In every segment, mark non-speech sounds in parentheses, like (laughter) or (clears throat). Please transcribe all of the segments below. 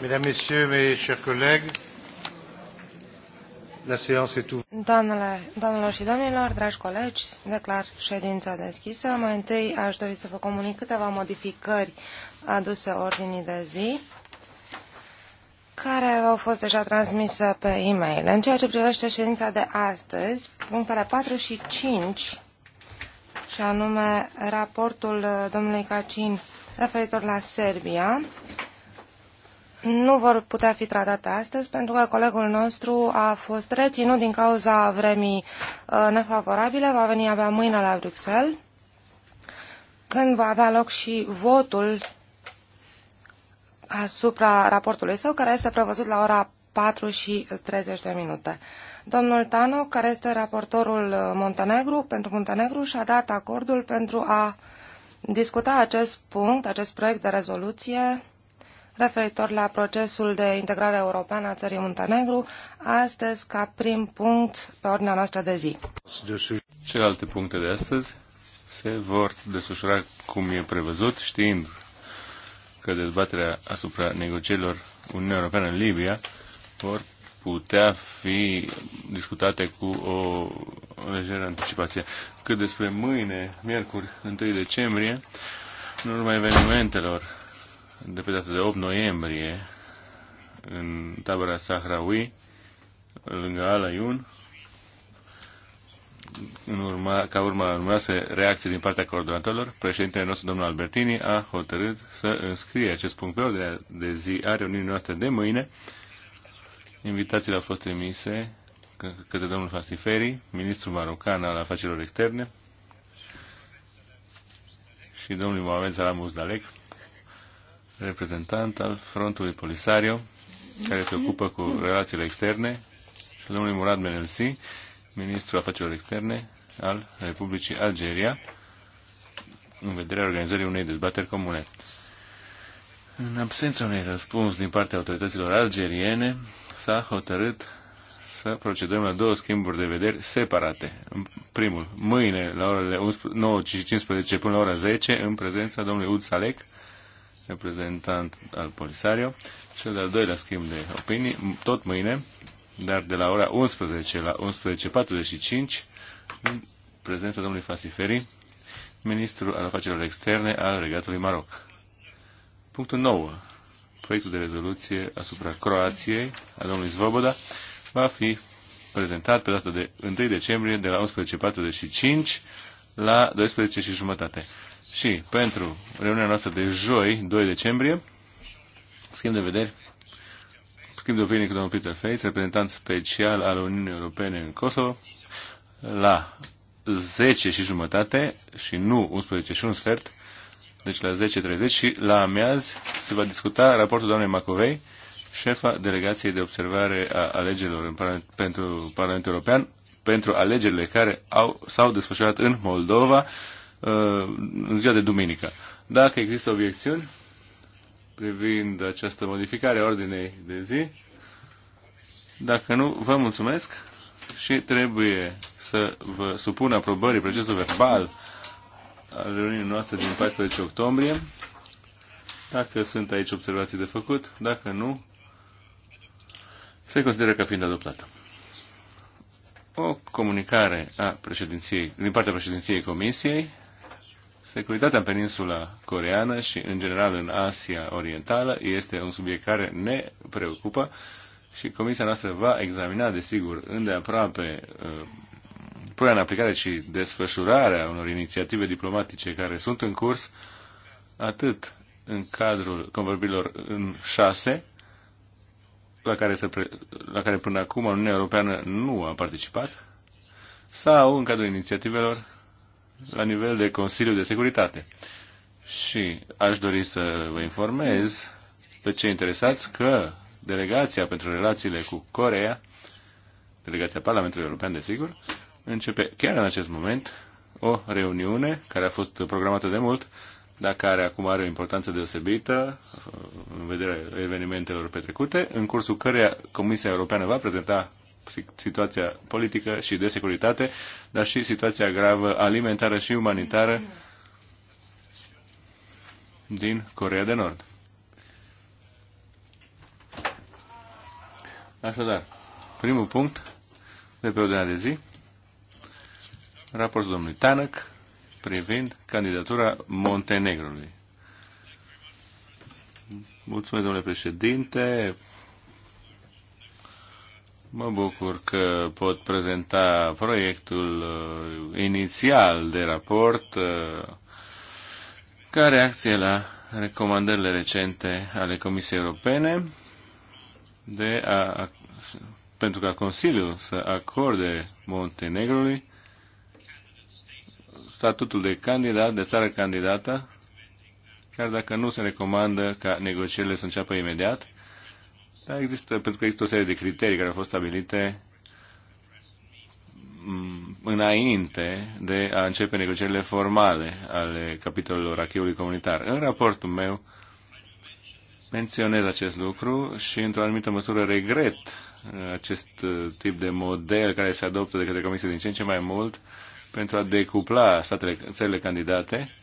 Mesdames, Messieurs, mes chers collègues, la séance est ouverte. Doamnele, doamnelor și domnilor, dragi colegi, declar ședința deschisă. Mai întâi aș dori să vă comunic câteva modificări aduse ordinii de zi care au fost deja transmise pe e-mail. În ceea ce privește ședința de astăzi, punctele 4 și 5, și anume raportul domnului Cacin referitor la Serbia nu vor putea fi tratate astăzi pentru că colegul nostru a fost reținut din cauza vremii uh, nefavorabile, va veni abia mâine la Bruxelles, când va avea loc și votul asupra raportului său, care este prevăzut la ora 4 și 30 de minute. Domnul Tano, care este raportorul uh, Montenegru, pentru Montenegru, și-a dat acordul pentru a discuta acest punct, acest proiect de rezoluție referitor la procesul de integrare europeană a țării Muntenegru, astăzi ca prim punct pe ordinea noastră de zi. Celelalte puncte de astăzi se vor desfășura cum e prevăzut, știind că dezbaterea asupra negocierilor Uniunea Europeană în Libia vor putea fi discutate cu o lejeră anticipație. Cât despre mâine, miercuri, 1 decembrie, în urma evenimentelor de pe data de 8 noiembrie în tabăra Sahrawi, lângă Alayun, în urma, ca urma numeroase reacții din partea coordonatorilor, președintele nostru, domnul Albertini, a hotărât să înscrie acest punct pe ordinea de zi a reuniunii noastre de mâine. Invitațiile au fost emise către domnul Fastiferi, ministrul marocan al afacerilor externe, și domnul Mohamed Salam Uzdalek, reprezentant al Frontului Polisario, care se ocupă cu relațiile externe, și domnului Murad Menelsi, ministrul afacerilor externe al Republicii Algeria, în vederea organizării unei dezbateri comune. În absența unui răspuns din partea autorităților algeriene, s-a hotărât să procedăm la două schimburi de vederi separate. Primul, mâine, la orele 9.15 până la ora 10, în prezența domnului Ud Salek, reprezentant al Polisario. Cel de-al doilea schimb de opinii, tot mâine, dar de la ora 11 la 11.45, în prezența domnului Fasiferi, ministrul al afacerilor externe al Regatului Maroc. Punctul 9. Proiectul de rezoluție asupra Croației a domnului Svoboda va fi prezentat pe data de 1 decembrie de la 11.45 la 12 și jumătate. Și pentru reuniunea noastră de joi, 2 decembrie, schimb de vedere, schimb de opinie cu domnul Peter Feitz, reprezentant special al Uniunii Europene în Kosovo, la 10 și jumătate și nu 11 și un sfert, deci la 10.30 și la amiaz se va discuta raportul doamnei Macovei, șefa delegației de observare a alegerilor în Parlament, pentru Parlamentul European, pentru alegerile care au, s-au desfășurat în Moldova, Uh, în ziua de duminică. Dacă există obiecțiuni privind această modificare a ordinei de zi, dacă nu, vă mulțumesc și trebuie să vă supun aprobării procesul verbal al reuniunii noastre din 14 octombrie. Dacă sunt aici observații de făcut, dacă nu, se consideră ca fiind adoptată. O comunicare a președinției, din partea președinției Comisiei Securitatea în peninsula coreană și, în general, în Asia Orientală este un subiect care ne preocupă și Comisia noastră va examina, desigur, îndeaproape uh, punerea în aplicare și desfășurarea unor inițiative diplomatice care sunt în curs, atât în cadrul convorbirilor în șase, la care, se pre... la care până acum Uniunea Europeană nu a participat, sau în cadrul inițiativelor la nivel de Consiliu de Securitate. Și aș dori să vă informez pe cei interesați că delegația pentru relațiile cu Corea, delegația Parlamentului European, desigur, începe chiar în acest moment o reuniune care a fost programată de mult, dar care acum are o importanță deosebită uh, în vederea evenimentelor petrecute, în cursul căreia Comisia Europeană va prezenta situația politică și de securitate, dar și situația gravă alimentară și umanitară din Corea de Nord. Așadar, primul punct de pe ordinea de zi, raportul domnului Tanăc privind candidatura Montenegrului. Mulțumesc, domnule președinte. Mă bucur că pot prezenta proiectul uh, inițial de raport uh, ca reacție la recomandările recente ale Comisiei Europene de a, a, pentru ca Consiliul să acorde Montenegrului statutul de candidat, de țară candidată, chiar dacă nu se recomandă ca negocierile să înceapă imediat, da, există, pentru că există o serie de criterii care au fost stabilite mm, înainte de a începe negocierile formale ale capitolelor acheiului comunitar. În raportul meu menționez acest lucru și într-o anumită măsură regret acest uh, tip de model care se adoptă de către Comisie din ce în ce mai mult pentru a decupla statele, țările candidate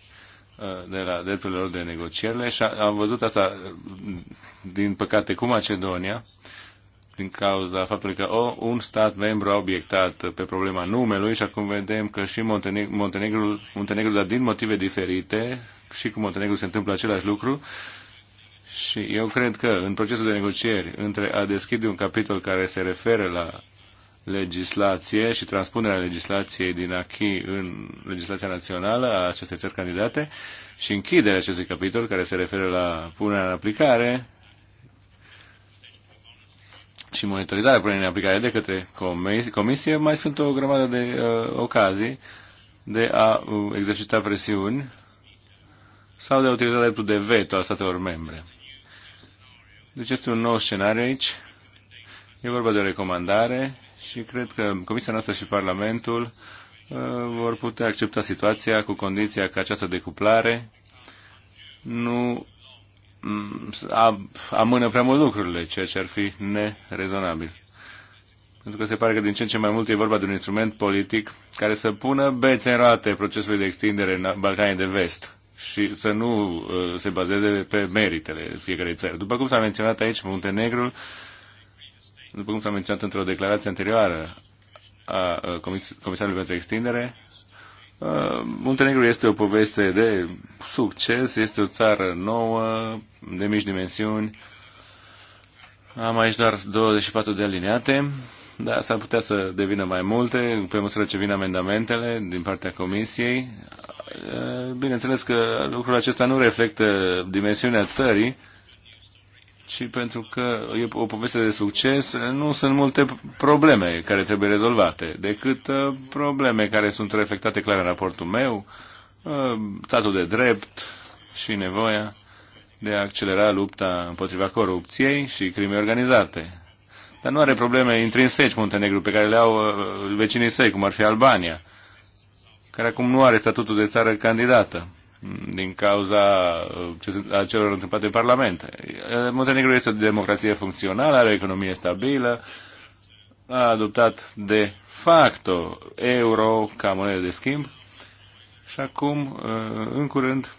de la drepturile lor de negocierile și am văzut asta, din păcate, cu Macedonia, din cauza faptului că o, oh, un stat membru a obiectat pe problema numelui și acum vedem că și Monteneg- Montenegrul, Montenegrul, dar din motive diferite, și cu Montenegru se întâmplă același lucru, și eu cred că în procesul de negocieri între a deschide un capitol care se referă la legislație și transpunerea legislației din acquis în legislația națională a acestei țări candidate și închiderea acestui capitol care se referă la punerea în aplicare și monitorizarea punerii în aplicare de către comisie, mai sunt o grămadă de uh, ocazii de a uh, exercita presiuni sau de a utiliza dreptul de veto a statelor membre. Deci este un nou scenariu aici. E vorba de o recomandare și cred că Comisia noastră și Parlamentul uh, vor putea accepta situația cu condiția că această decuplare nu mm, amână prea mult lucrurile, ceea ce ar fi nerezonabil. Pentru că se pare că din ce în ce mai mult e vorba de un instrument politic care să pună bețe în roate procesului de extindere în Balcanii de Vest și să nu uh, se bazeze pe meritele fiecarei țări. După cum s-a menționat aici, Muntenegrul după cum s-a menționat într-o declarație anterioară a Comisarului pentru Extindere, Muntenegru este o poveste de succes, este o țară nouă, de mici dimensiuni. Am aici doar 24 de alineate, dar s-ar putea să devină mai multe pe măsură ce vin amendamentele din partea Comisiei. Bineînțeles că lucrul acesta nu reflectă dimensiunea țării, ci pentru că e o poveste de succes, nu sunt multe probleme care trebuie rezolvate, decât uh, probleme care sunt reflectate clar în raportul meu, uh, statul de drept și nevoia de a accelera lupta împotriva corupției și crimei organizate. Dar nu are probleme intrinseci Muntenegru pe care le au uh, vecinii săi, cum ar fi Albania, care acum nu are statutul de țară candidată din cauza uh, a celor întâmplate în Parlament. Uh, Montenegro este o democrație funcțională, are o economie stabilă, a adoptat de facto euro ca monedă de schimb și acum, uh, în curând,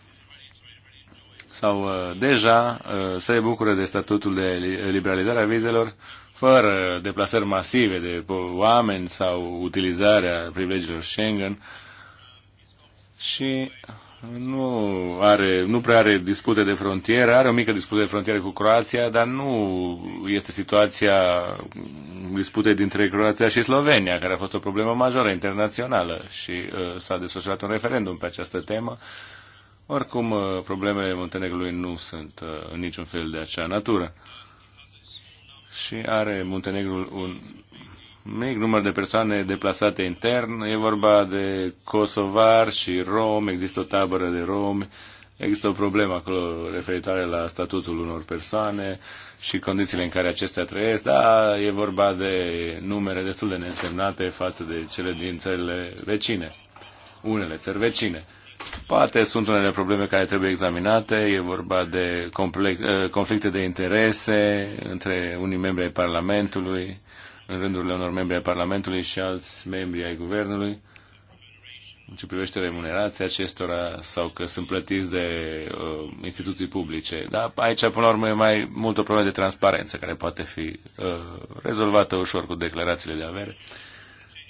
sau deja se bucură de statutul de liberalizare a vizelor fără deplasări masive de oameni sau utilizarea privilegiilor Schengen și nu, are, nu prea are dispute de frontieră, are o mică dispută de frontieră cu Croația, dar nu este situația disputei dintre Croația și Slovenia, care a fost o problemă majoră internațională și uh, s-a desfășurat un referendum pe această temă. Oricum, uh, problemele Muntenegrului nu sunt uh, în niciun fel de acea natură. Și are Muntenegrul un mic număr de persoane deplasate intern. E vorba de Kosovar și romi, există o tabără de romi, există o problemă acolo referitoare la statutul unor persoane și condițiile în care acestea trăiesc, dar e vorba de numere destul de neînsemnate față de cele din țările vecine, unele țări vecine. Poate sunt unele probleme care trebuie examinate, e vorba de eh, conflicte de interese între unii membri ai Parlamentului, în rândurile unor membri ai Parlamentului și alți membri ai Guvernului în ce privește remunerația acestora sau că sunt plătiți de uh, instituții publice. Dar aici, până la urmă, e mai mult o problemă de transparență care poate fi uh, rezolvată ușor cu declarațiile de avere.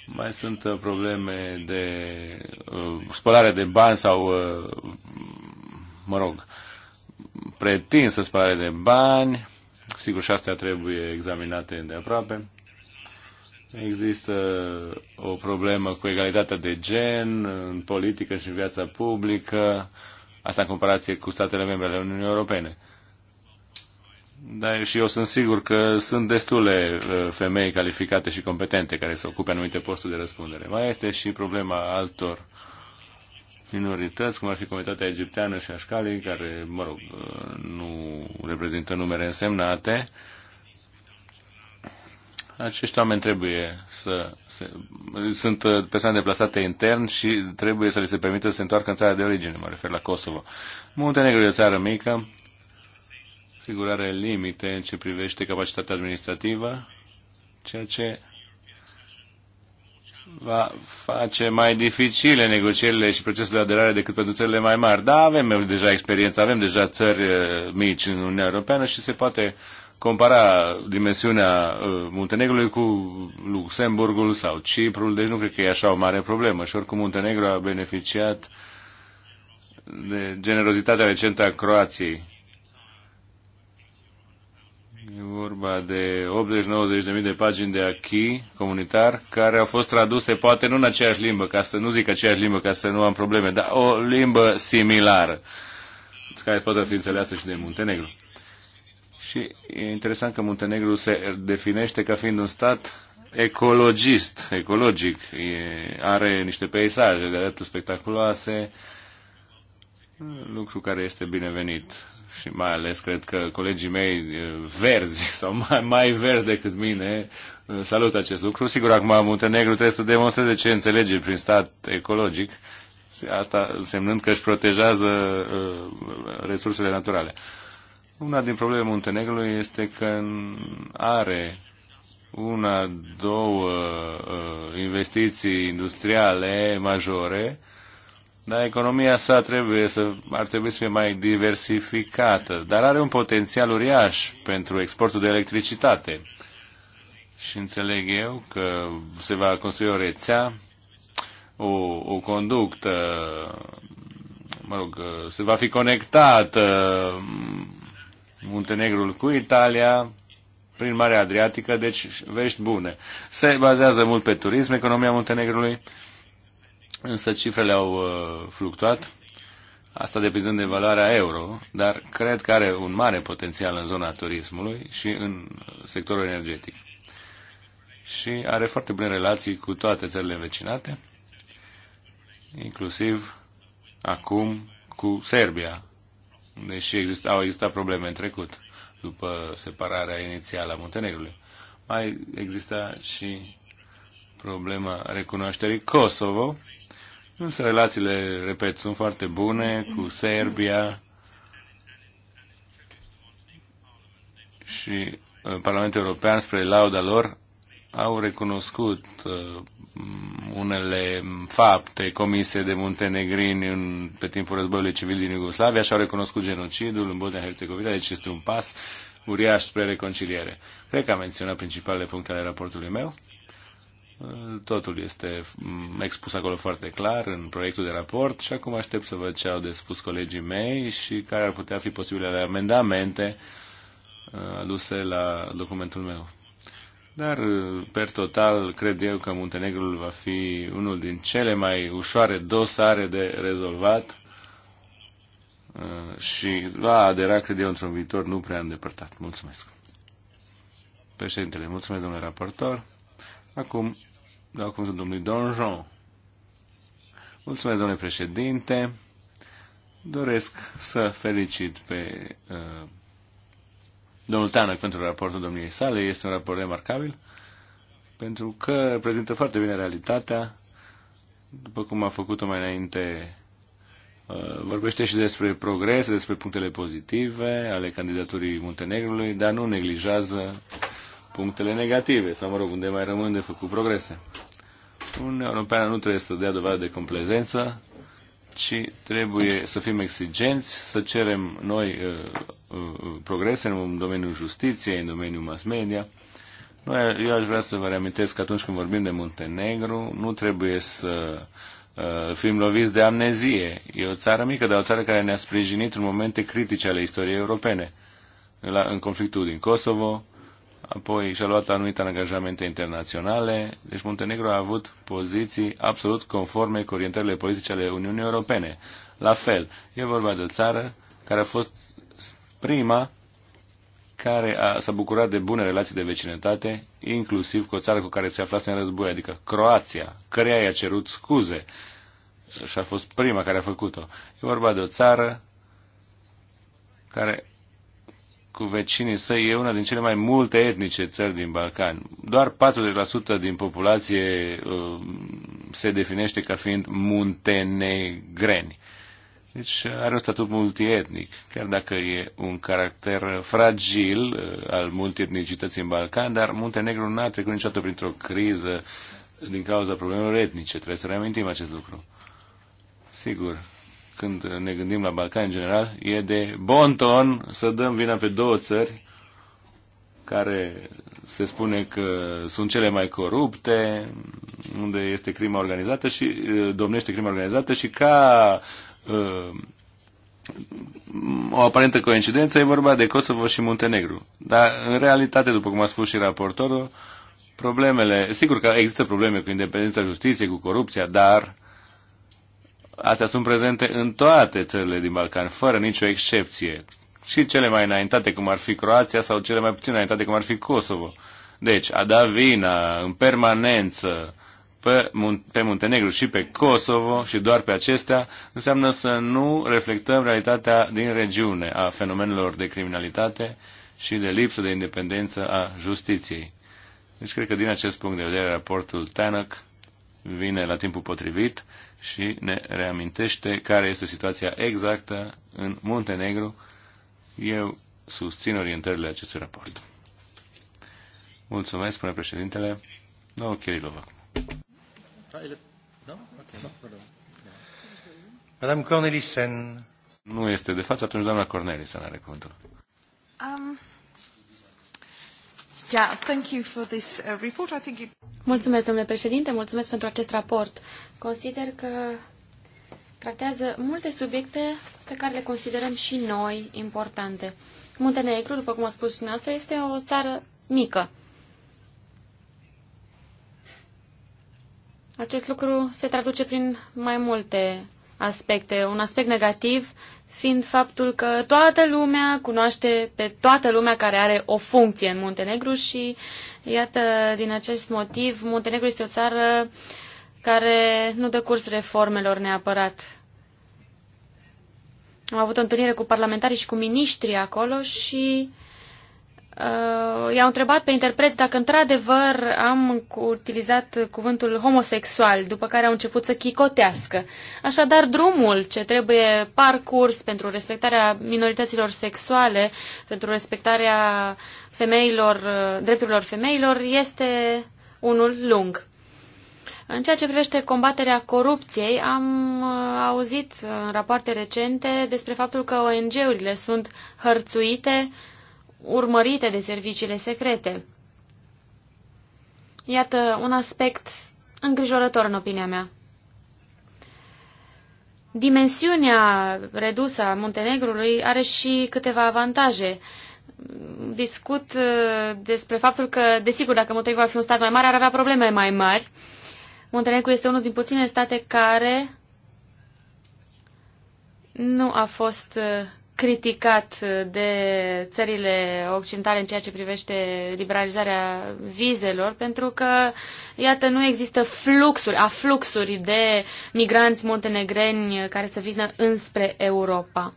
Mai sunt uh, probleme de uh, spălare de bani sau, uh, mă rog, pretinsă spălare de bani. Sigur, și astea trebuie examinate de aproape. Există o problemă cu egalitatea de gen în politică și în viața publică, asta în comparație cu statele membre ale Uniunii Europene. Dar și eu sunt sigur că sunt destule uh, femei calificate și competente care se ocupe anumite posturi de răspundere. Mai este și problema altor minorități, cum ar fi comunitatea egipteană și așcalii, care, mă rog, uh, nu reprezintă numere însemnate, acești oameni trebuie să... Se, sunt uh, persoane deplasate intern și trebuie să le se permită să se întoarcă în țara de origine, mă refer la Kosovo. Muntenegru e o țară mică, sigur are limite în ce privește capacitatea administrativă, ceea ce va face mai dificile negocierile și procesul de aderare decât pentru țările mai mari. Da, avem deja experiență, avem deja țări uh, mici în Uniunea Europeană și se poate compara dimensiunea uh, Muntenegrului cu Luxemburgul sau Ciprul, deci nu cred că e așa o mare problemă. Și oricum Muntenegru a beneficiat de generozitatea recentă a Croației. E vorba de 80-90 de mii de pagini de achi comunitar care au fost traduse poate nu în aceeași limbă, ca să nu zic aceeași limbă, ca să nu am probleme, dar o limbă similară care poate fi înțeleasă și de Muntenegru. Și e interesant că Muntenegru se definește ca fiind un stat ecologist, ecologic. E, are niște peisaje de dreptul spectaculoase, lucru care este binevenit. Și mai ales cred că colegii mei verzi (laughs) sau mai, mai verzi decât mine salut acest lucru. Sigur, acum Muntenegru trebuie să demonstreze ce înțelege prin stat ecologic, asta însemnând că își protejează uh, resursele naturale. Uh, una din problemele Muntenegrului este că are una, două uh, investiții industriale majore, dar economia sa trebuie să, ar trebui să fie mai diversificată, dar are un potențial uriaș pentru exportul de electricitate. Și înțeleg eu că se va construi o rețea, o, o conductă, mă rog, se va fi conectată Muntenegrul cu Italia, prin Marea Adriatică, deci vești bune. Se bazează mult pe turism, economia Muntenegrului, însă cifrele au uh, fluctuat, asta depinde de valoarea euro, dar cred că are un mare potențial în zona turismului și în uh, sectorul energetic. Și are foarte bune relații cu toate țările vecinate, inclusiv acum cu Serbia, deși exist, au existat probleme în trecut, după separarea inițială a Muntenegrului. Mai exista și problema recunoașterii Kosovo, însă relațiile, repet, sunt foarte bune cu Serbia și uh, Parlamentul European, spre lauda lor, au recunoscut uh, unele fapte comise de muntenegrini în, pe timpul războiului civil din Iugoslavia și au recunoscut genocidul în Bosnia-Herzegovina, deci este un pas uriaș spre reconciliere. Cred că am menționat principalele puncte ale raportului meu. Uh, totul este mm, expus acolo foarte clar în proiectul de raport și acum aștept să văd ce au de spus colegii mei și care ar putea fi posibile amendamente uh, aduse la documentul meu. Dar, per total, cred eu că Muntenegrul va fi unul din cele mai ușoare dosare de rezolvat uh, și va adera, cred eu, într-un viitor nu prea îndepărtat. Mulțumesc. Președintele, mulțumesc, domnule raportor. Acum, dau cuvântul domnului Donjon. Mulțumesc, domnule președinte. Doresc să felicit pe uh, domnul Tanac pentru raportul domniei sale. Este un raport remarcabil pentru că prezintă foarte bine realitatea, după cum a făcut-o mai înainte. Uh, vorbește și despre progrese, despre punctele pozitive ale candidaturii Muntenegrului, dar nu neglijează punctele negative, sau mă rog, unde mai rămân de făcut progrese. Uniunea Europeană nu trebuie să dea dovadă de complezență, ci trebuie să fim exigenți, să cerem noi uh, uh, progrese în domeniul justiției, în domeniul mass media. Noi, eu aș vrea să vă reamintesc că atunci când vorbim de Muntenegru, nu trebuie să uh, fim loviți de amnezie. E o țară mică, dar o țară care ne-a sprijinit în momente critice ale istoriei europene. La, în conflictul din Kosovo, apoi și-a luat anumite angajamente internaționale, deci Muntenegru a avut poziții absolut conforme cu orientările politice ale Uniunii Europene. La fel, e vorba de o țară care a fost prima care a, s-a bucurat de bune relații de vecinătate, inclusiv cu o țară cu care se aflase în război, adică Croația, căreia i-a cerut scuze și a fost prima care a făcut-o. E vorba de o țară care cu vecinii săi e una din cele mai multe etnice țări din Balcan. Doar 40% din populație uh, se definește ca fiind muntenegreni. Deci are un statut multietnic, chiar dacă e un caracter fragil uh, al multietnicității în Balcan, dar Muntenegru nu a trecut niciodată printr-o criză din cauza problemelor etnice. Trebuie să reamintim acest lucru. Sigur, când ne gândim la Balcani în general, e de bon ton să dăm vina pe două țări care se spune că sunt cele mai corupte, unde este crima organizată și uh, domnește crima organizată și ca uh, o aparentă coincidență e vorba de Kosovo și Muntenegru. Dar în realitate, după cum a spus și raportorul, problemele, sigur că există probleme cu independența justiției, cu corupția, dar uh, astea sunt prezente în toate țările din Balcan, fără nicio excepție. Și cele mai înaintate, cum ar fi Croația, sau cele mai puțin înaintate, cum ar fi Kosovo. Deci, a da vina în permanență pe, Mun- pe Muntenegru și pe Kosovo și doar pe acestea, înseamnă să nu reflectăm realitatea din regiune a fenomenelor de criminalitate și de lipsă de independență a justiției. Deci cred că din acest punct de vedere raportul TANAC vine la timpul potrivit și ne reamintește care este situația exactă în Muntenegru. Eu susțin orientările acestui raport. Mulțumesc, spune președintele. Nouă Kirilov Madame Cornelissen. Nu este de față, atunci doamna Cornelissen are cuvântul. Um, Mulțumesc, domnule președinte, mulțumesc pentru acest raport. Consider că tratează multe subiecte pe care le considerăm și noi importante. Muntenegru, după cum a spus și noastră, este o țară mică. Acest lucru se traduce prin mai multe aspecte. Un aspect negativ fiind faptul că toată lumea cunoaște pe toată lumea care are o funcție în Muntenegru și, iată, din acest motiv, Muntenegru este o țară care nu dă curs reformelor neapărat. Am avut o întâlnire cu parlamentarii și cu miniștrii acolo și uh, uh, i-au întrebat pe interpreți dacă într-adevăr am utilizat cuvântul homosexual, după care au început să chicotească. Așadar, drumul ce trebuie parcurs pentru respectarea minorităților sexuale, pentru respectarea femeilor, uh, drepturilor femeilor, este unul lung. În ceea ce privește combaterea corupției, am uh, auzit în rapoarte recente despre faptul că ONG-urile sunt hărțuite urmărite de serviciile secrete. Iată un aspect îngrijorător în opinia mea. Dimensiunea redusă a Muntenegrului are și câteva avantaje. Discut uh, despre faptul că, desigur, dacă Muntenegrul ar fi un stat mai mare, ar avea probleme mai mari. Muntenegru este unul din puține state care nu a fost uh, criticat de țările occidentale în ceea ce privește liberalizarea vizelor, pentru că, iată, nu există fluxuri, afluxuri de migranți montenegreni care să vină înspre Europa.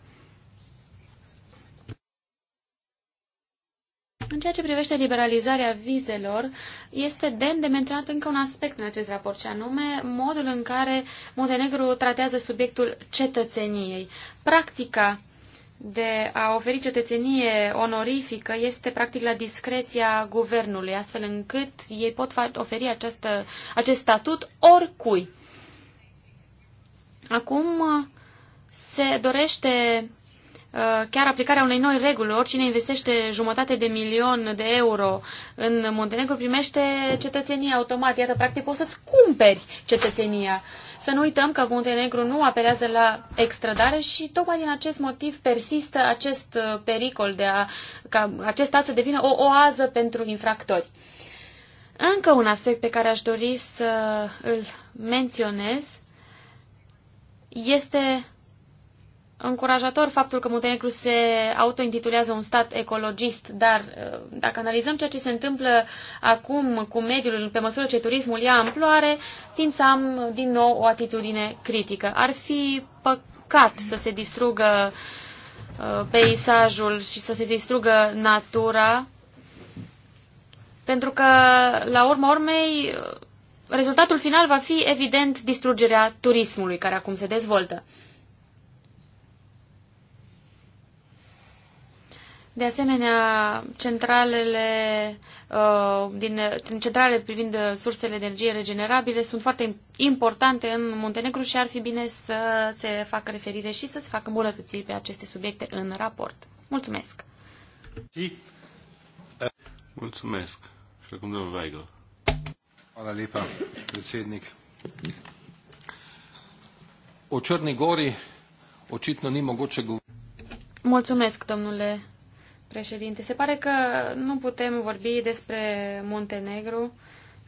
În ceea ce privește liberalizarea vizelor, este demn de menționat încă un aspect în acest raport, și anume modul în care Montenegru tratează subiectul cetățeniei. Practica de a oferi cetățenie onorifică este practic la discreția guvernului, astfel încât ei pot oferi această, acest statut oricui. Acum uh, se dorește uh, chiar aplicarea unei noi reguli. Oricine investește jumătate de milion de euro în Montenegro primește cetățenia automat. Iată, practic, poți să-ți cumperi cetățenia să nu uităm că Muntenegru nu apelează la extradare și tocmai din acest motiv persistă acest uh, pericol de a, ca acest stat să devină o oază pentru infractori. Încă un aspect pe care aș dori să îl menționez este încurajator faptul că Muntenegru se autointitulează un stat ecologist, dar uh, dacă analizăm ceea ce se întâmplă acum cu mediul, pe măsură ce turismul ia amploare, tind să am din nou o atitudine critică. Ar fi păcat să se distrugă uh, peisajul și să se distrugă natura, pentru că, la urma urmei, uh, rezultatul final va fi, evident, distrugerea turismului care acum se dezvoltă. De asemenea, centralele, uh, din, centralele privind sursele de energie regenerabile sunt foarte importante în Muntenegru și ar fi bine să se facă referire și să se facă îmbunătățiri pe aceste subiecte în raport. Mulțumesc! Mulțumesc! Și acum domnul Weigel. Hvala lepa, predsednik. O Črni Gori očitno ni mogoče govoriti. Mulțumesc, domnule președinte. Se pare că nu putem vorbi despre Muntenegru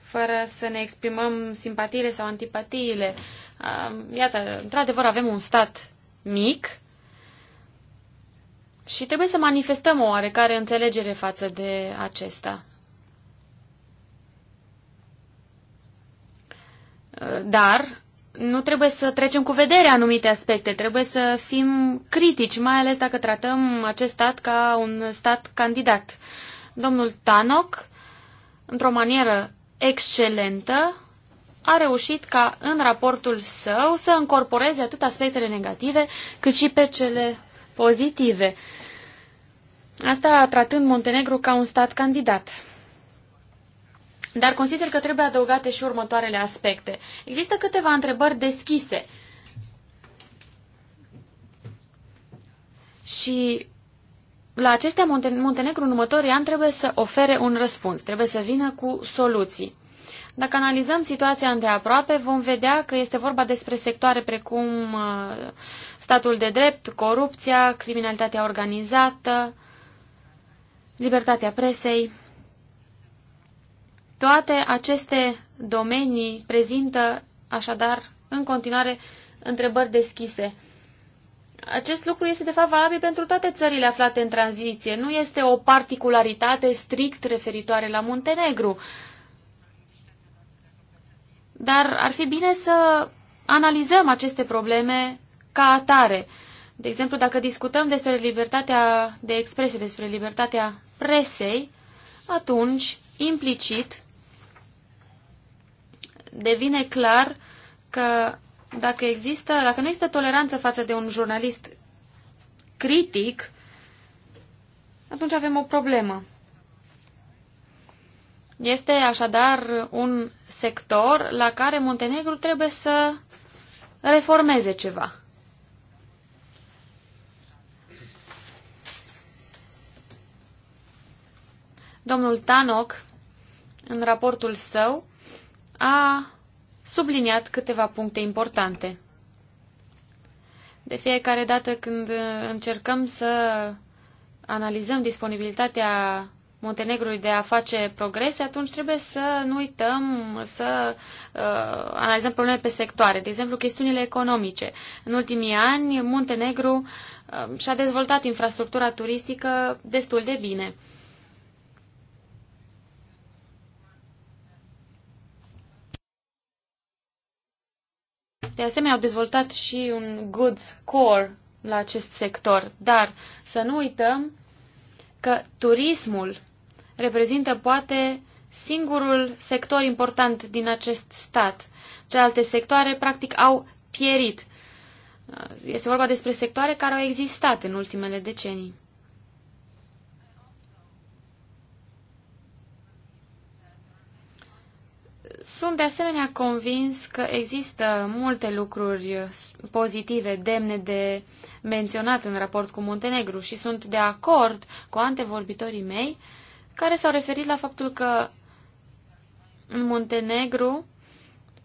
fără să ne exprimăm simpatiile sau antipatiile. Iată, într-adevăr avem un stat mic și trebuie să manifestăm o oarecare înțelegere față de acesta. Dar nu trebuie să trecem cu vedere anumite aspecte, trebuie să fim critici, mai ales dacă tratăm acest stat ca un stat candidat. Domnul Tanok, într-o manieră excelentă, a reușit ca în raportul său să încorporeze atât aspectele negative cât și pe cele pozitive. Asta tratând Montenegru ca un stat candidat. Dar consider că trebuie adăugate și următoarele aspecte. Există câteva întrebări deschise. Și la acestea Muntenegru în următorii ani trebuie să ofere un răspuns, trebuie să vină cu soluții. Dacă analizăm situația îndeaproape, vom vedea că este vorba despre sectoare precum uh, statul de drept, corupția, criminalitatea organizată, libertatea presei. Toate aceste domenii prezintă așadar în continuare întrebări deschise. Acest lucru este de fapt valabil pentru toate țările aflate în tranziție. Nu este o particularitate strict referitoare la Muntenegru. Dar ar fi bine să analizăm aceste probleme ca atare. De exemplu, dacă discutăm despre libertatea de expresie, despre libertatea presei, atunci, implicit, devine clar că dacă, există, dacă nu există toleranță față de un jurnalist critic, atunci avem o problemă. Este așadar un sector la care Muntenegru trebuie să reformeze ceva. Domnul Tanoc, în raportul său, a subliniat câteva puncte importante. De fiecare dată când încercăm să analizăm disponibilitatea Montenegrului de a face progrese, atunci trebuie să nu uităm să uh, analizăm probleme pe sectoare, de exemplu chestiunile economice. În ultimii ani, Montenegru uh, și-a dezvoltat infrastructura turistică destul de bine. De asemenea, au dezvoltat și un good score la acest sector. Dar să nu uităm că turismul reprezintă poate singurul sector important din acest stat. Celelalte sectoare, practic, au pierit. Este vorba despre sectoare care au existat în ultimele decenii. Sunt de asemenea convins că există multe lucruri pozitive, demne de menționat în raport cu Muntenegru și sunt de acord cu antevorbitorii mei care s-au referit la faptul că în Muntenegru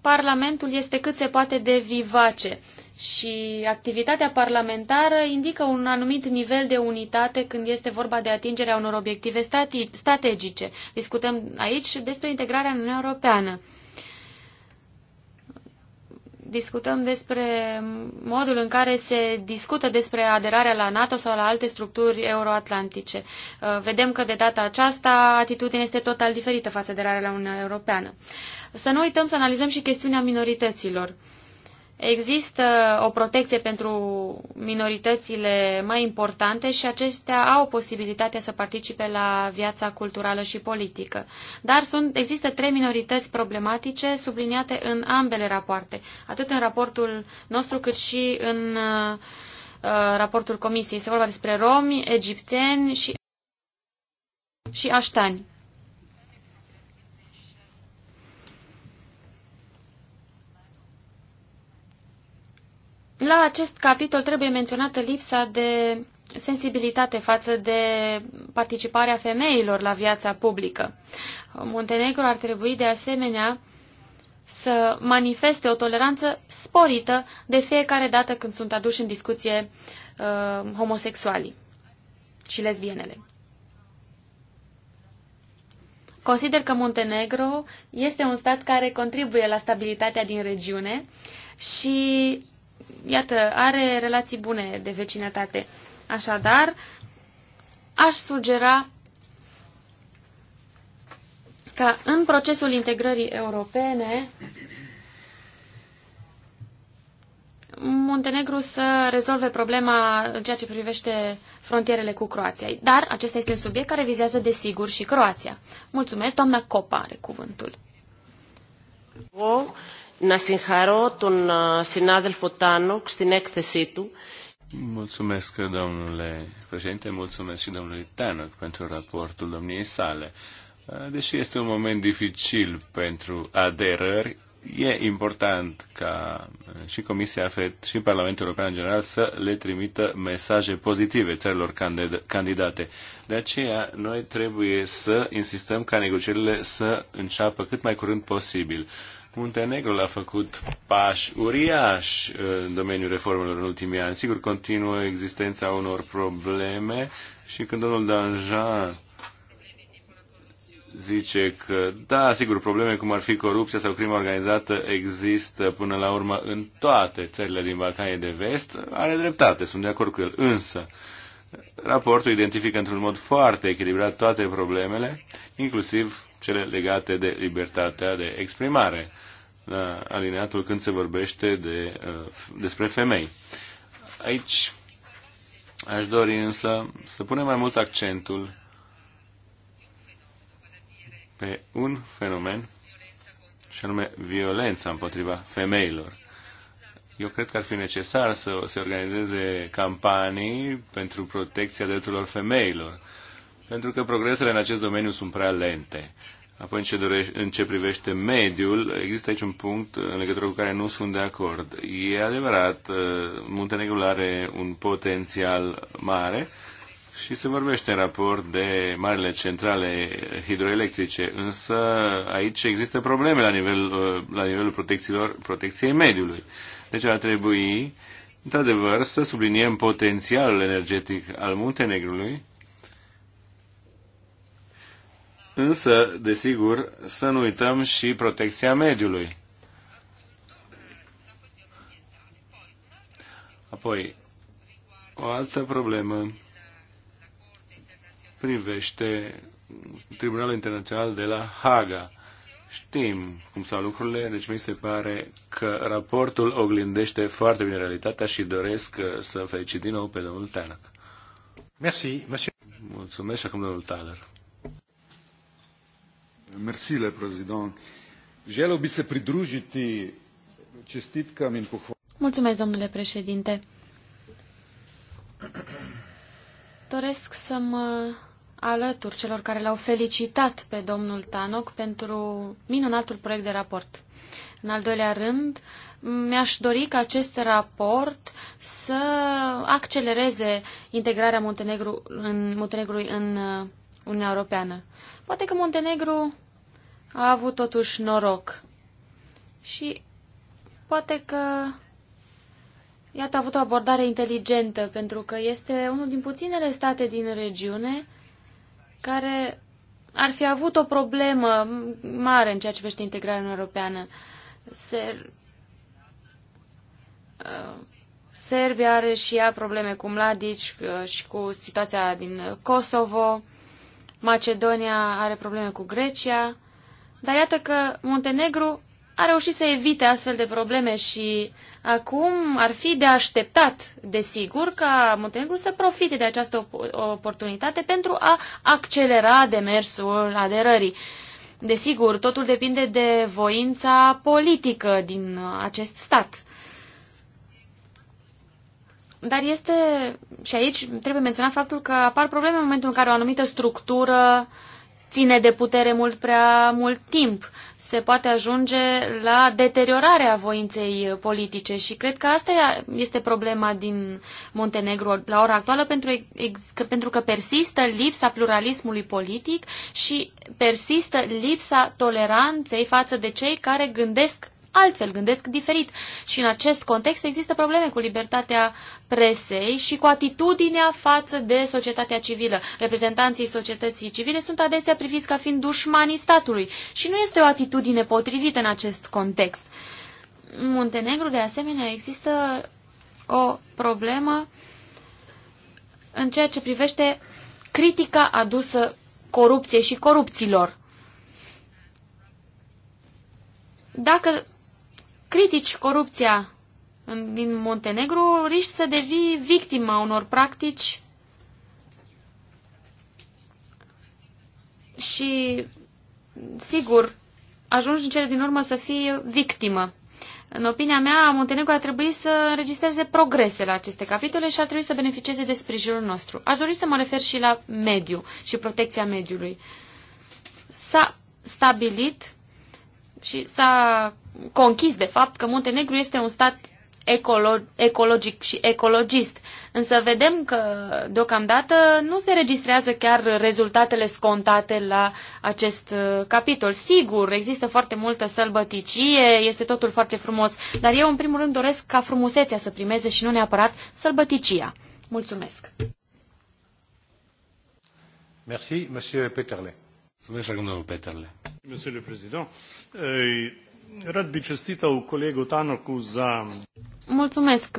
Parlamentul este cât se poate de vivace și activitatea parlamentară indică un anumit nivel de unitate când este vorba de atingerea unor obiective strategice. Discutăm aici despre integrarea în Uniunea Europeană. Discutăm despre modul în care se discută despre aderarea la NATO sau la alte structuri euroatlantice. Uh, vedem că de data aceasta atitudinea este total diferită față de aderarea la Uniunea Europeană. Să nu uităm să analizăm și chestiunea minorităților. Există o protecție pentru minoritățile mai importante și acestea au posibilitatea să participe la viața culturală și politică. Dar sunt, există trei minorități problematice subliniate în ambele rapoarte, atât în raportul nostru cât și în uh, raportul comisiei. Este vorba despre romi, egipteni și, și aștani. La acest capitol trebuie menționată lipsa de sensibilitate față de participarea femeilor la viața publică. Muntenegru ar trebui de asemenea să manifeste o toleranță sporită de fiecare dată când sunt aduși în discuție uh, homosexualii și lesbienele. Consider că Muntenegro este un stat care contribuie la stabilitatea din regiune și iată, are relații bune de vecinătate. Așadar, aș sugera ca în procesul integrării europene Muntenegru să rezolve problema în ceea ce privește frontierele cu Croația. Dar acesta este un subiect care vizează desigur și Croația. Mulțumesc, doamna Copa are cuvântul να συγχαρώ τον συνάδελφο Τάνοκ στην έκθεσή του. Mulțumesc, domnule președinte, mulțumesc și domnului Tanăc pentru raportul domniei sale. Deși este un moment dificil pentru aderări, e important ca și Comisia FED și Parlamentul European în general să le trimită mesaje pozitive țărilor candidate. De aceea, noi trebuie să insistăm ca negocierile să înceapă cât mai curând posibil. Muntenegru a făcut pași uriași uh, în domeniul reformelor în ultimii ani. Sigur, continuă existența unor probleme și când domnul Danjean zice că, da, sigur, probleme cum ar fi corupția sau crima organizată există până la urmă în toate țările din Balcanii de Vest, are dreptate, sunt de acord cu el. Însă, raportul identifică într-un mod foarte echilibrat toate problemele, inclusiv cele legate de libertatea de exprimare, la alineatul când se vorbește de, uh, despre femei. Aici aș dori însă să punem mai mult accentul pe un fenomen și anume violența împotriva femeilor. Eu cred că ar fi necesar să se organizeze campanii pentru protecția drepturilor femeilor pentru că progresele în acest domeniu sunt prea lente. Apoi, în ce, dore- în ce privește mediul, există aici un punct în legătură cu care nu sunt de acord. E adevărat, uh, Muntenegrul are un potențial mare și se vorbește în raport de marile centrale hidroelectrice, însă aici există probleme la, nivel, uh, la nivelul protecțiilor, protecției mediului. Deci ar trebui, într-adevăr, să subliniem potențialul energetic al Muntenegrului, Însă, desigur, să nu uităm și protecția mediului. Apoi, o altă problemă privește Tribunalul Internațional de la Haga. Știm cum stau lucrurile, deci mi se pare că raportul oglindește foarte bine realitatea și doresc uh, să felicit din nou pe domnul Tanak. Mulțumesc și acum domnul Taler prezident. bi se pridružiti čestitkam in pohvalam. Mulțumesc, domnule președinte. Doresc să mă alătur celor care l-au felicitat pe domnul Tanoc pentru minunatul proiect de raport. În al doilea rând, mi-aș dori ca acest raport să accelereze integrarea Muntenegru în, Muntenegrului în Uniunea Europeană. Poate că Montenegru a avut totuși noroc și poate că iată a avut o abordare inteligentă, pentru că este unul din puținele state din regiune care ar fi avut o problemă mare în ceea ce privește integrarea europeană. Ser... Uh, Serbia are și ea probleme cu Mladic uh, și cu situația din Kosovo. Macedonia are probleme cu Grecia, dar iată că Muntenegru a reușit să evite astfel de probleme și acum ar fi de așteptat, desigur, ca Muntenegru să profite de această oportunitate pentru a accelera demersul aderării. Desigur, totul depinde de voința politică din acest stat. Dar este, și aici trebuie menționat faptul că apar probleme în momentul în care o anumită structură ține de putere mult prea mult timp. Se poate ajunge la deteriorarea voinței politice și cred că asta este problema din Montenegro la ora actuală pentru, că, pentru că persistă lipsa pluralismului politic și persistă lipsa toleranței față de cei care gândesc altfel, gândesc diferit. Și în acest context există probleme cu libertatea presei și cu atitudinea față de societatea civilă. Reprezentanții societății civile sunt adesea priviți ca fiind dușmanii statului și nu este o atitudine potrivită în acest context. În Muntenegru, de asemenea, există o problemă în ceea ce privește critica adusă corupției și corupților. Dacă critici corupția în, din Montenegro, riști să devii victima unor practici și, sigur, ajungi în cele din urmă să fii victimă. În opinia mea, Montenegro ar trebui să înregistreze progrese la aceste capitole și ar trebui să beneficieze de sprijinul nostru. Aș dori să mă refer și la mediu și protecția mediului. S-a stabilit și s-a conchis de fapt că Muntenegru este un stat ecolo- ecologic și ecologist. Însă vedem că deocamdată nu se registrează chiar rezultatele scontate la acest uh, capitol. Sigur, există foarte multă sălbăticie, este totul foarte frumos, dar eu în primul rând doresc ca frumusețea să primeze și nu neapărat sălbăticia. Mulțumesc! Merci, Monsieur Peterle. Mulțumesc, Monsieur le Rad bi čestital kolegu Tanoku za...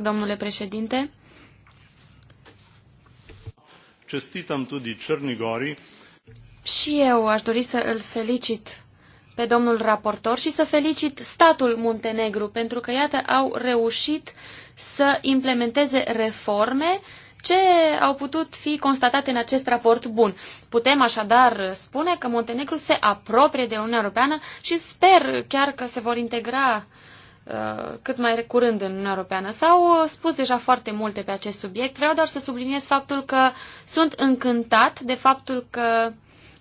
domnule președinte. Čestitam tudi Črnigori. Și eu aș dori să îl felicit pe domnul raportor și să felicit statul Muntenegru pentru că, iată, au reușit să implementeze reforme uh, ce au putut fi constatate în acest raport bun. Putem așadar spune că Montenegru se apropie de Uniunea Europeană și sper chiar că se vor integra uh, cât mai curând în Uniunea Europeană. S-au uh, spus deja foarte multe pe acest subiect. Vreau doar să subliniez faptul că sunt încântat de faptul că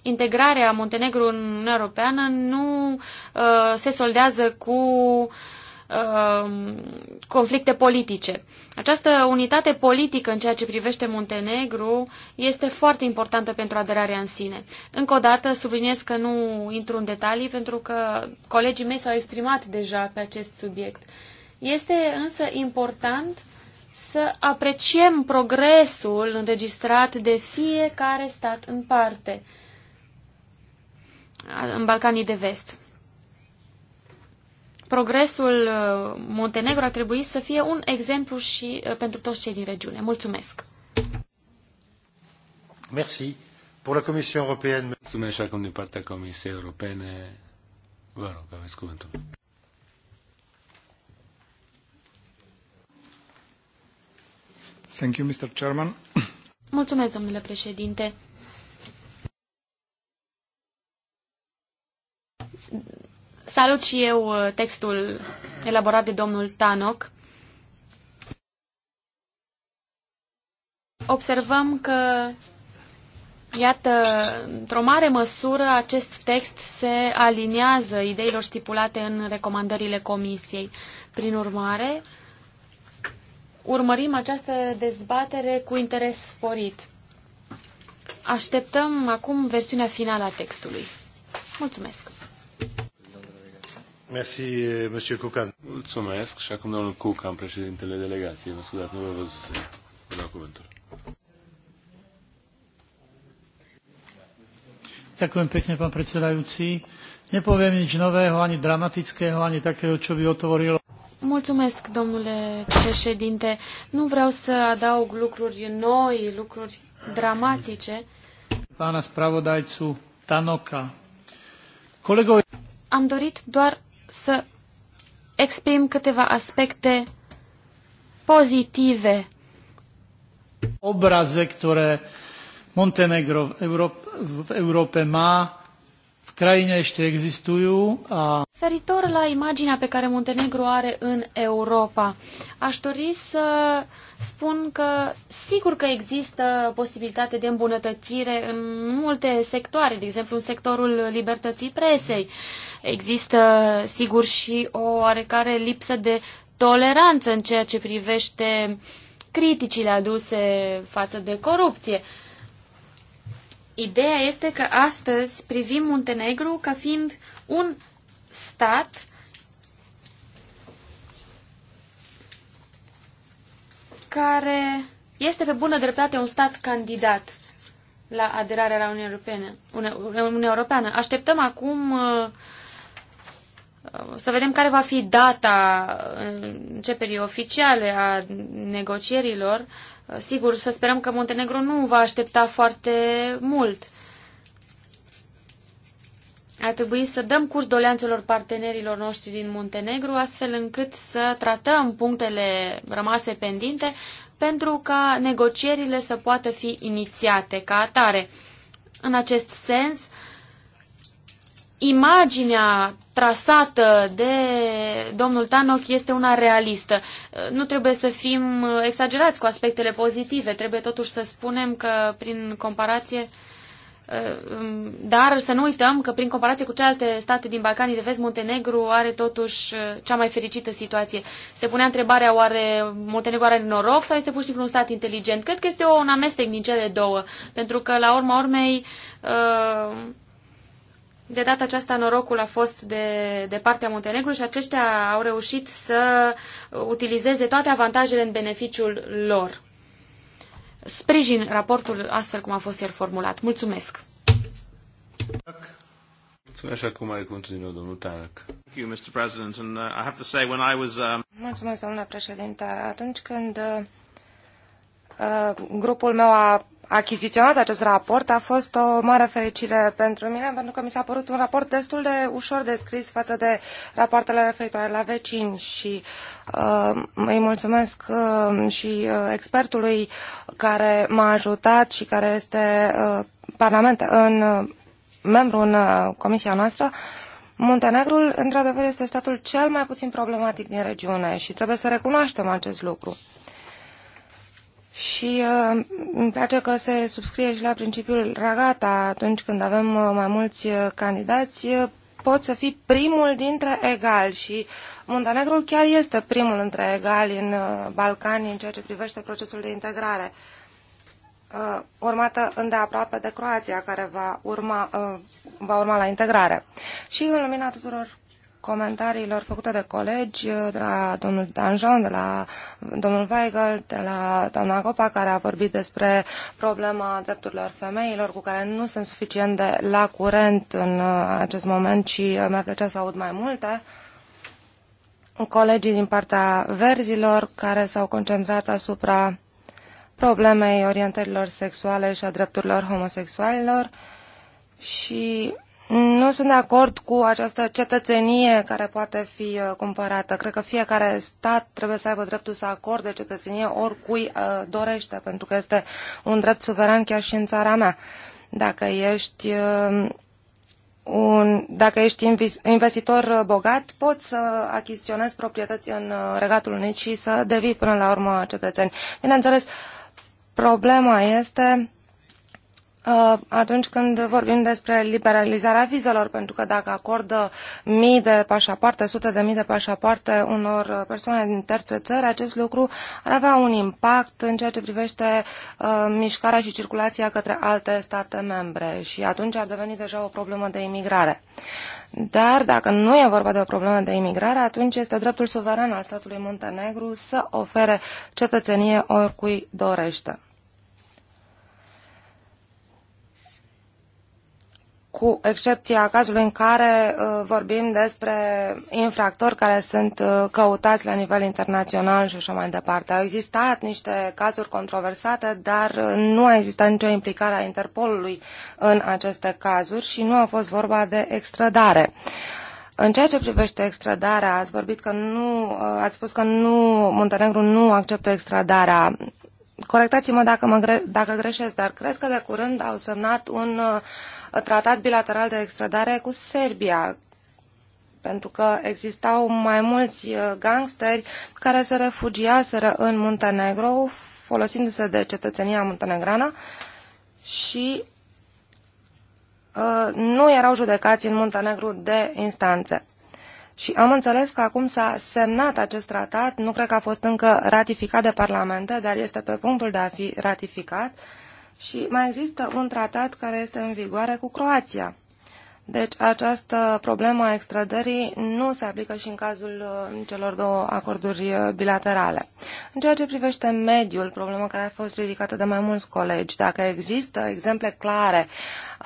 integrarea Montenegru în Uniunea Europeană nu uh, se soldează cu uh, Um, conflicte politice. Această unitate politică în ceea ce privește Muntenegru este foarte importantă pentru aderarea în sine. Încă o dată subliniez că nu intru în detalii pentru că colegii mei s-au exprimat deja pe acest subiect. Este însă important să apreciem progresul înregistrat de fiecare stat în parte în Balcanii de Vest progresul uh, Montenegro ar trebui să fie un exemplu și uh, pentru toți cei din regiune. Mulțumesc! Merci. Pour la Commission européenne... Mulțumesc și acum din partea Comisiei Europene. Vă rog, aveți cuvântul. Thank you, Mr. Chairman. (coughs) Mulțumesc, domnule președinte. Salut și eu uh, textul elaborat de domnul Tanoc. Observăm că, iată, într-o mare măsură, acest text se aliniază ideilor stipulate în recomandările comisiei. Prin urmare, urmărim această dezbatere cu interes sporit. Așteptăm acum versiunea finală a textului. Mulțumesc! Merci, euh, Monsieur Cucan. Mulțumesc și acum domnul Cucan, președintele delegației. Mă scuzați, nu vă văzusem. Vă dau cuvântul. Ďakujem pekne, pán predsedajúci. Nepoviem nič nového, ani dramatického, ani takého, čo by otvorilo. Mulțumesc, domnule președinte. Nu vreau să adaug lucruri noi, lucruri dramatice. Pana spravodajcu Tanoka. Colego... Am dorit doar să exprim câteva aspecte pozitive. Obraze, care Montenegro v, Europa v Europe ma, v krajine ešte existujú a... Feritor la imaginea pe care Montenegro are în Europa, aș dori să spun că sigur că există posibilitate de îmbunătățire în multe sectoare, de exemplu în sectorul libertății presei. Există sigur și o oarecare lipsă de toleranță în ceea ce privește criticile aduse față de corupție. Ideea este că astăzi privim Muntenegru ca fiind un stat care este pe bună dreptate un stat candidat la aderarea la Uniunea Europeană. Uniunea Europeană. Așteptăm acum uh, uh, să vedem care va fi data uh, începerii oficiale a negocierilor. Sigur, să sperăm că Montenegro nu va aștepta foarte mult ar trebui să dăm curs doleanțelor partenerilor noștri din Muntenegru, astfel încât să tratăm punctele rămase pendinte pentru ca negocierile să poată fi inițiate ca atare. În acest sens, imaginea trasată de domnul Tanoc este una realistă. Nu trebuie să fim exagerați cu aspectele pozitive, trebuie totuși să spunem că prin comparație Eh, dar să nu uităm că prin comparație cu celelalte state din Balcanii de Vest, Muntenegru are totuși eh, cea mai fericită situație. Se punea întrebarea oare Muntenegru are noroc sau este pur și simplu un stat inteligent? Cred că este un amestec din cele două, pentru că la urma urmei eh, de data aceasta norocul a fost de, de partea Muntenegru și aceștia au reușit să utilizeze toate avantajele în beneficiul lor sprijin raportul astfel cum a fost el formulat. Mulțumesc! Mulțumesc acum Mulțumesc, domnule președinte. Atunci când uh, uh grupul meu a achiziționat acest raport a fost o mare fericire pentru mine, pentru că mi s-a părut un raport destul de ușor de scris față de rapoartele referitoare la vecini și uh, îi mulțumesc uh, și uh, expertului care m-a ajutat și care este uh, parlament, în, uh, membru în uh, comisia noastră. Muntenegrul, într-adevăr, este statul cel mai puțin problematic din regiune și trebuie să recunoaștem acest lucru. Și uh, îmi place că se subscrie și la principiul ragata atunci când avem uh, mai mulți uh, candidați, uh, pot să fii primul dintre egali și Muntenegrul chiar este primul între egali în uh, Balcani în ceea ce privește procesul de integrare, uh, urmată îndeaproape de Croația care va urma, uh, va urma la integrare. Și în lumina tuturor comentariilor făcute de colegi, uh, de la domnul Danjon, de la domnul Weigel, de la doamna Copa, care a vorbit despre problema drepturilor femeilor, cu care nu sunt suficient de la curent în uh, acest moment și uh, mi-ar plăcea să aud mai multe. Colegii din partea verzilor, care s-au concentrat asupra problemei orientărilor sexuale și a drepturilor homosexualilor și nu sunt de acord cu această cetățenie care poate fi uh, cumpărată. Cred că fiecare stat trebuie să aibă dreptul să acorde cetățenie oricui uh, dorește, pentru că este un drept suveran chiar și în țara mea. Dacă ești uh, un, dacă ești investitor bogat, poți să achiziționezi proprietăți în Regatul Unit și să devii până la urmă cetățeni. Bineînțeles, problema este Uh, atunci când vorbim despre liberalizarea vizelor, pentru că dacă acordă mii de pașapoarte, sute de mii de pașapoarte unor persoane din terțe țări, acest lucru ar avea un impact în ceea ce privește uh, mișcarea și circulația către alte state membre și atunci ar deveni deja o problemă de imigrare. Dar dacă nu e vorba de o problemă de imigrare, atunci este dreptul suveran al statului Muntenegru să ofere cetățenie oricui dorește. cu excepția cazului în care uh, vorbim despre infractori care sunt uh, căutați la nivel internațional și așa mai departe. Au existat niște cazuri controversate, dar uh, nu a existat nicio implicare a Interpolului în aceste cazuri și nu a fost vorba de extradare. În ceea ce privește extradarea, ați vorbit că nu, uh, ați spus că nu, Muntenegru nu acceptă extradarea corectați-mă dacă, mă gre- dacă greșesc, dar cred că de curând au semnat un uh, tratat bilateral de extradare cu Serbia, pentru că existau mai mulți uh, gangsteri care se refugiaseră în Muntenegro, folosindu-se de cetățenia muntenegrană și uh, nu erau judecați în Muntenegru de instanțe. Și am înțeles că acum s-a semnat acest tratat, nu cred că a fost încă ratificat de parlamente, dar este pe punctul de a fi ratificat. Uh, și mai există un tratat care este în vigoare cu Croația. Deci această problemă a extrădării nu se aplică și în cazul uh, celor două acorduri uh, bilaterale. În ceea ce privește mediul, problema care a fost ridicată de mai mulți colegi, dacă există exemple clare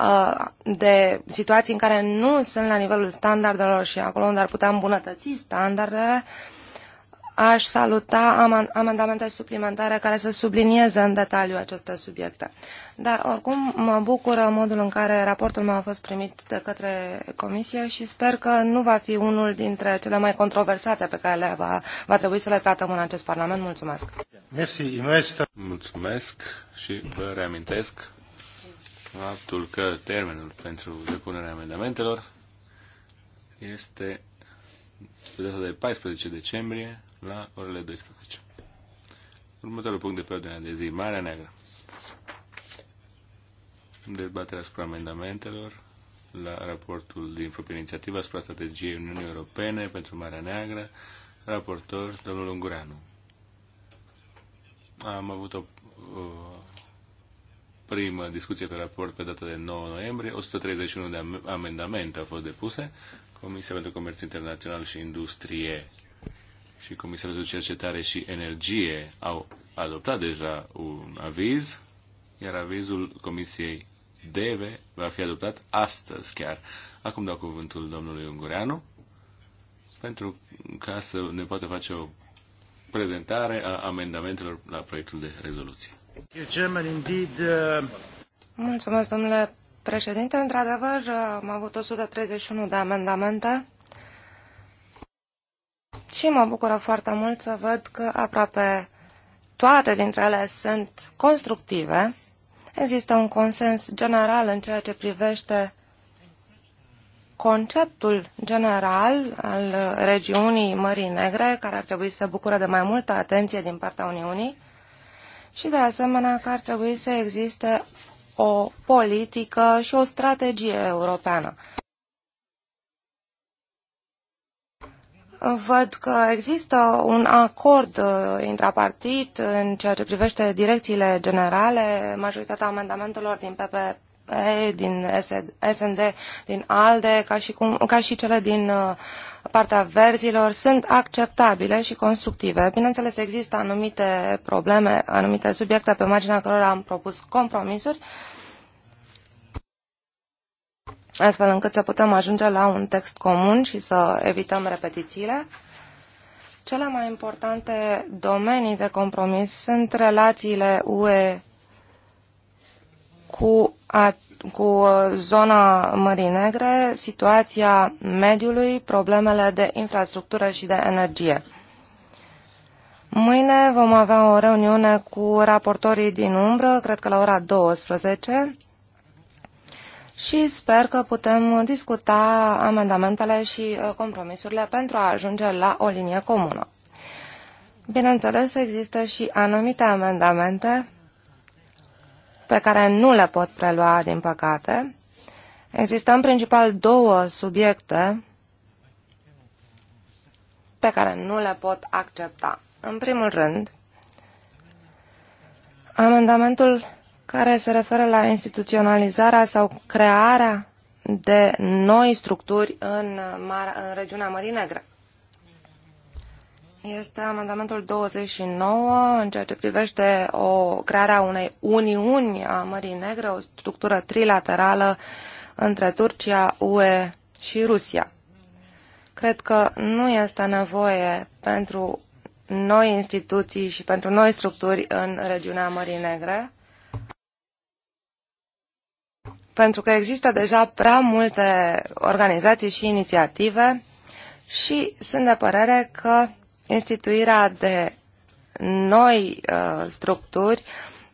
uh, de situații în care nu sunt la nivelul standardelor și acolo unde ar putea îmbunătăți standardele, uh, aș saluta amendamente suplimentare care să sublinieze în detaliu aceste subiecte. Dar oricum mă bucură modul în care raportul meu a fost primit de către Comisie și sper că nu va fi unul dintre cele mai controversate pe care le va, va trebui să le tratăm în acest Parlament. Mulțumesc! Mulțumesc și vă reamintesc faptul că termenul pentru depunerea amendamentelor este data de 14 decembrie la orele 12. Următorul punct de pe ordinea de zi, Marea Neagră. Dezbaterea asupra amendamentelor la raportul din propria inițiativă asupra strategiei Uniunii Europene pentru Marea Neagră, raportor domnul Ungureanu. Am avut o, o primă discuție pe raport pe data de 9 noiembrie, 131 de amendamente au fost depuse. Comisia pentru Comerț Internațional și Industrie și Comisia de Cercetare și Energie au adoptat deja un aviz, iar avizul Comisiei DEVE va fi adoptat astăzi chiar. Acum dau cuvântul domnului Ungureanu pentru ca să ne poată face o prezentare a amendamentelor la proiectul de rezoluție. Mulțumesc, domnule președinte. Într-adevăr, am avut 131 de amendamente și mă bucură foarte mult să văd că aproape toate dintre ele sunt constructive. Există un consens general în ceea ce privește conceptul general al regiunii Mării Negre, care ar trebui să bucure de mai multă atenție din partea Uniunii și, de asemenea, că ar trebui să existe o politică și o strategie europeană. văd că există un acord uh, intrapartit în ceea ce privește direcțiile generale. Majoritatea amendamentelor din PP din SND, din ALDE, ca și, cum, ca și cele din uh, partea verzilor, sunt acceptabile și constructive. Bineînțeles, există anumite probleme, anumite subiecte pe marginea cărora am propus compromisuri, uh, astfel încât să putem ajunge la un text comun și să evităm repetițiile. Cele mai importante domenii de compromis sunt relațiile UE cu, a, cu uh, zona Mării Negre, situația mediului, problemele de infrastructură și de energie. Mâine vom avea o reuniune cu raportorii din umbră, cred că la ora 12 și sper că putem discuta amendamentele și uh, compromisurile pentru a ajunge la o linie comună. Bineînțeles, există și anumite amendamente pe care nu le pot prelua, din păcate. Există în principal două subiecte pe care nu le pot accepta. În primul rând, amendamentul care se referă la instituționalizarea sau crearea de noi structuri în, Mar în regiunea Mării Negre. Este amendamentul 29 în ceea ce privește o crearea unei uniuni a Mării Negre, o structură trilaterală între Turcia, UE și Rusia. Cred că nu este nevoie pentru noi instituții și pentru noi structuri în regiunea Mării Negre pentru că există deja prea multe organizații și inițiative și sunt de părere că instituirea de noi uh, structuri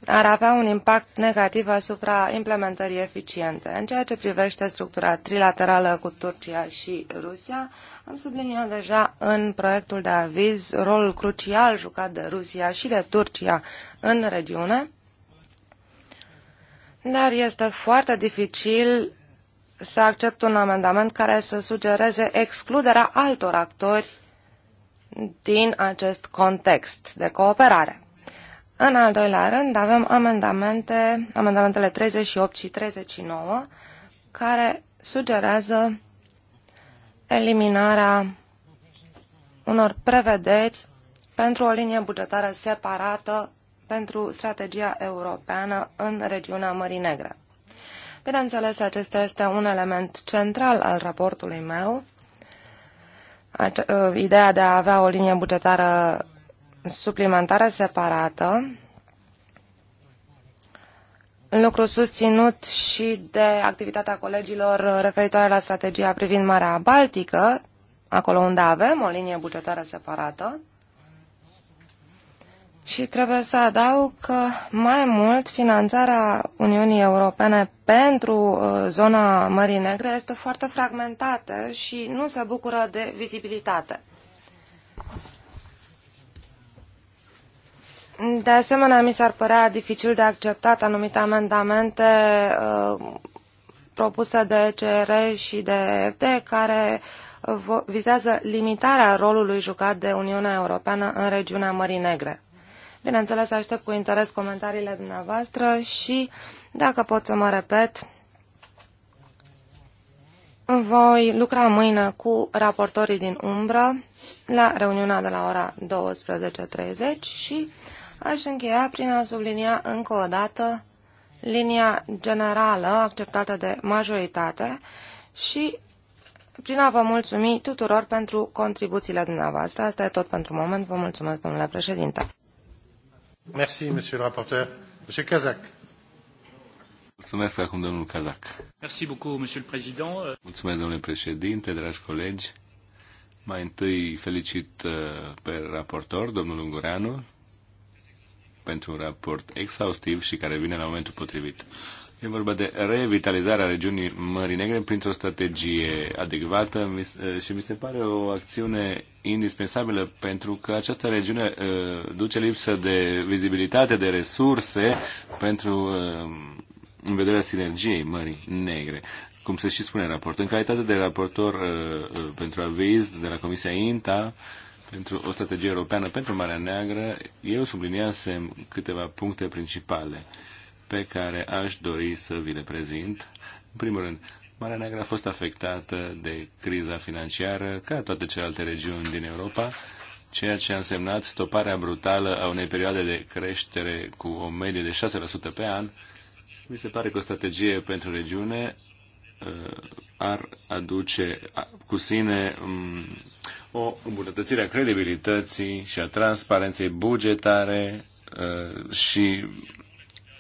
ar avea un impact negativ asupra implementării eficiente. În ceea ce privește structura trilaterală cu Turcia și Rusia, am subliniat deja în proiectul de aviz rolul crucial jucat de Rusia și de Turcia în regiune dar este foarte dificil să accept un amendament care să sugereze excluderea altor actori din acest context de cooperare. În al doilea rând avem amendamente, amendamentele 38 și 39 care sugerează eliminarea unor prevederi pentru o linie bugetară separată pentru strategia europeană în regiunea Mării Negre. Bineînțeles, acesta este un element central al raportului meu, uh, ideea de a avea o linie bugetară suplimentară separată, lucru susținut și de activitatea colegilor referitoare la strategia privind Marea Baltică, acolo unde avem o linie bugetară separată, și trebuie să adaug că mai mult finanțarea Uniunii Europene pentru uh, zona Mării Negre este foarte fragmentată și nu se bucură de vizibilitate. De asemenea, mi s-ar părea dificil de acceptat anumite amendamente uh, propuse de CR și de FD care uh, vizează limitarea rolului jucat de Uniunea Europeană în regiunea Mării Negre. Bineînțeles, aștept cu interes comentariile dumneavoastră și, dacă pot să mă repet, voi lucra mâine cu raportorii din umbră la reuniunea de la ora 12.30 și aș încheia prin a sublinia încă o dată linia generală acceptată de majoritate și prin a vă mulțumi tuturor pentru contribuțiile dumneavoastră. Asta e tot pentru moment. Vă mulțumesc, domnule președinte. Mulțumesc acum, domnul Kazak. Merci beaucoup, monsieur le président. Mulțumesc, domnule președinte, dragi colegi. Mai întâi felicit uh, pe raportor, domnul Ungureanu, pentru un raport exhaustiv și care vine la momentul potrivit. E vorba de revitalizarea regiunii Mării Negre printr-o strategie adecvată uh, și mi se pare o acțiune indispensabilă pentru că această regiune uh, duce lipsă de vizibilitate, de resurse pentru uh, în vederea sinergiei Mării Negre. Cum se și spune în raport. În calitate de raportor pentru aviz de la Comisia INTA, pentru o strategie europeană pentru Marea Neagră, eu subliniasem câteva puncte principale. Uh, pe care aș dori să vi le prezint. În primul rând, Marea Neagră a fost afectată de criza financiară, ca toate celelalte regiuni din Europa, ceea ce a însemnat stoparea brutală a unei perioade de creștere cu o medie de 6% pe an. Mi se pare că o strategie pentru regiune uh, ar aduce cu sine mm, o îmbunătățire a credibilității și a transparenței bugetare uh, și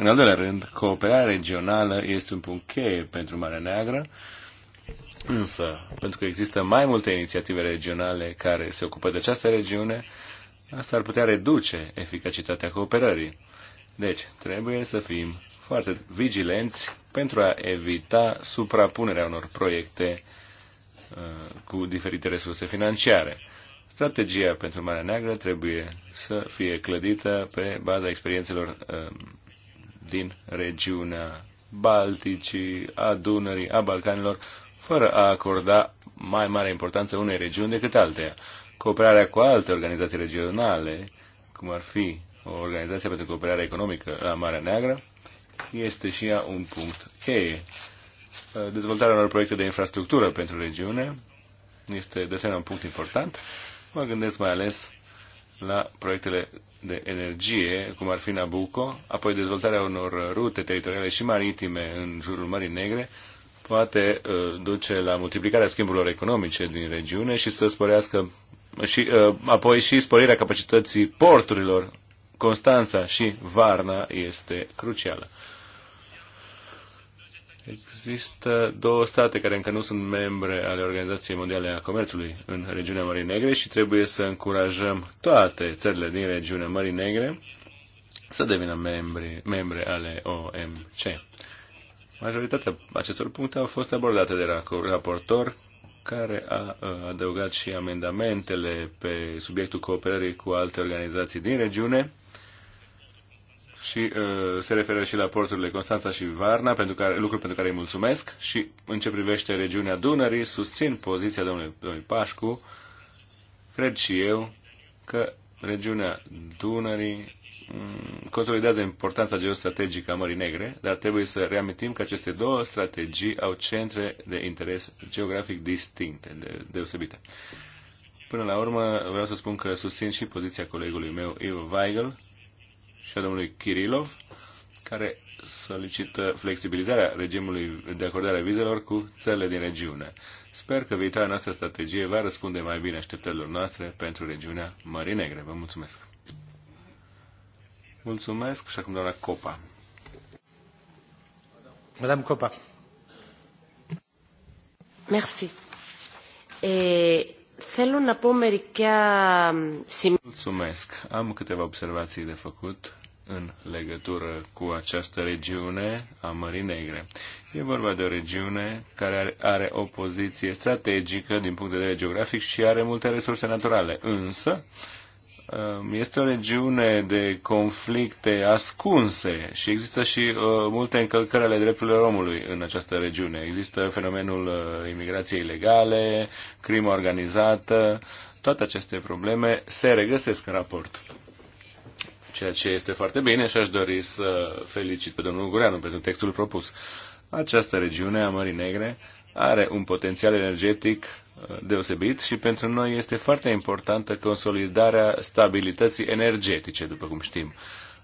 în al doilea rând, cooperarea regională este un punct cheie pentru Marea Neagră, însă, pentru că există mai multe inițiative regionale care se ocupă de această regiune, asta ar putea reduce eficacitatea cooperării. Deci, trebuie să fim foarte vigilenți pentru a evita suprapunerea unor proiecte uh, cu diferite resurse financiare. Strategia pentru Marea Neagră trebuie să fie clădită pe baza experiențelor uh, din regiunea Balticii, a Dunării, a Balcanilor, fără a acorda mai mare importanță unei regiuni decât alteia. Cooperarea cu alte organizații regionale, cum ar fi o organizație pentru cooperare economică la Marea Neagră, este și ea un punct cheie. Dezvoltarea unor proiecte de infrastructură pentru regiune este de asemenea un punct important. Mă gândesc mai ales la proiectele de energie, cum ar fi Nabucco, apoi dezvoltarea unor rute teritoriale și maritime în jurul Mării Negre, poate uh, duce la multiplicarea schimburilor economice din regiune și să sporească și uh, apoi și sporirea capacității porturilor. Constanța și Varna este crucială. Există două state care încă nu sunt membre ale Organizației Mondiale a Comerțului în regiunea Mării Negre și trebuie să încurajăm toate țările din regiunea Mării Negre să devină membri, membre ale OMC. Majoritatea acestor puncte au fost abordate de raportor, care a adăugat și amendamentele pe subiectul cooperării cu alte organizații din regiune și uh, se referă și la porturile Constanța și Varna, pentru care, lucru pentru care îi mulțumesc și în ce privește regiunea Dunării, susțin poziția domnului, domnului Pașcu. Cred și eu că regiunea Dunării mm, consolidează importanța geostrategică a Mării Negre, dar trebuie să reamintim că aceste două strategii au centre de interes geografic distincte, de, deosebite. Până la urmă, vreau să spun că susțin și poziția colegului meu, Ivo Weigel, și a domnului Kirilov, care solicită flexibilizarea regimului de acordare a vizelor cu țările din regiune. Sper că viitoarea noastră strategie va răspunde mai bine așteptărilor noastre pentru regiunea Mării Negre. Vă mulțumesc! Mulțumesc și acum doamna Copa. Madame Copa. Merci. Et Θέλω να πω μερικά σημεία. Mulțumesc. Am câteva observații de făcut în legătură cu această regiune a Mării Negre. E vorba de o regiune care are, are o poziție strategică din punct de vedere geografic și are multe resurse naturale. Însă, uh, Um, este o regiune de conflicte ascunse și există și uh, multe încălcări ale drepturilor omului în această regiune. Există fenomenul uh, imigrației ilegale, crimă organizată, toate aceste probleme se regăsesc în raport. Ceea ce este foarte bine și aș dori să felicit pe domnul Gureanu pentru textul propus. Această regiune a Mării Negre are un potențial energetic deosebit și pentru noi este foarte importantă consolidarea stabilității energetice, după cum știm.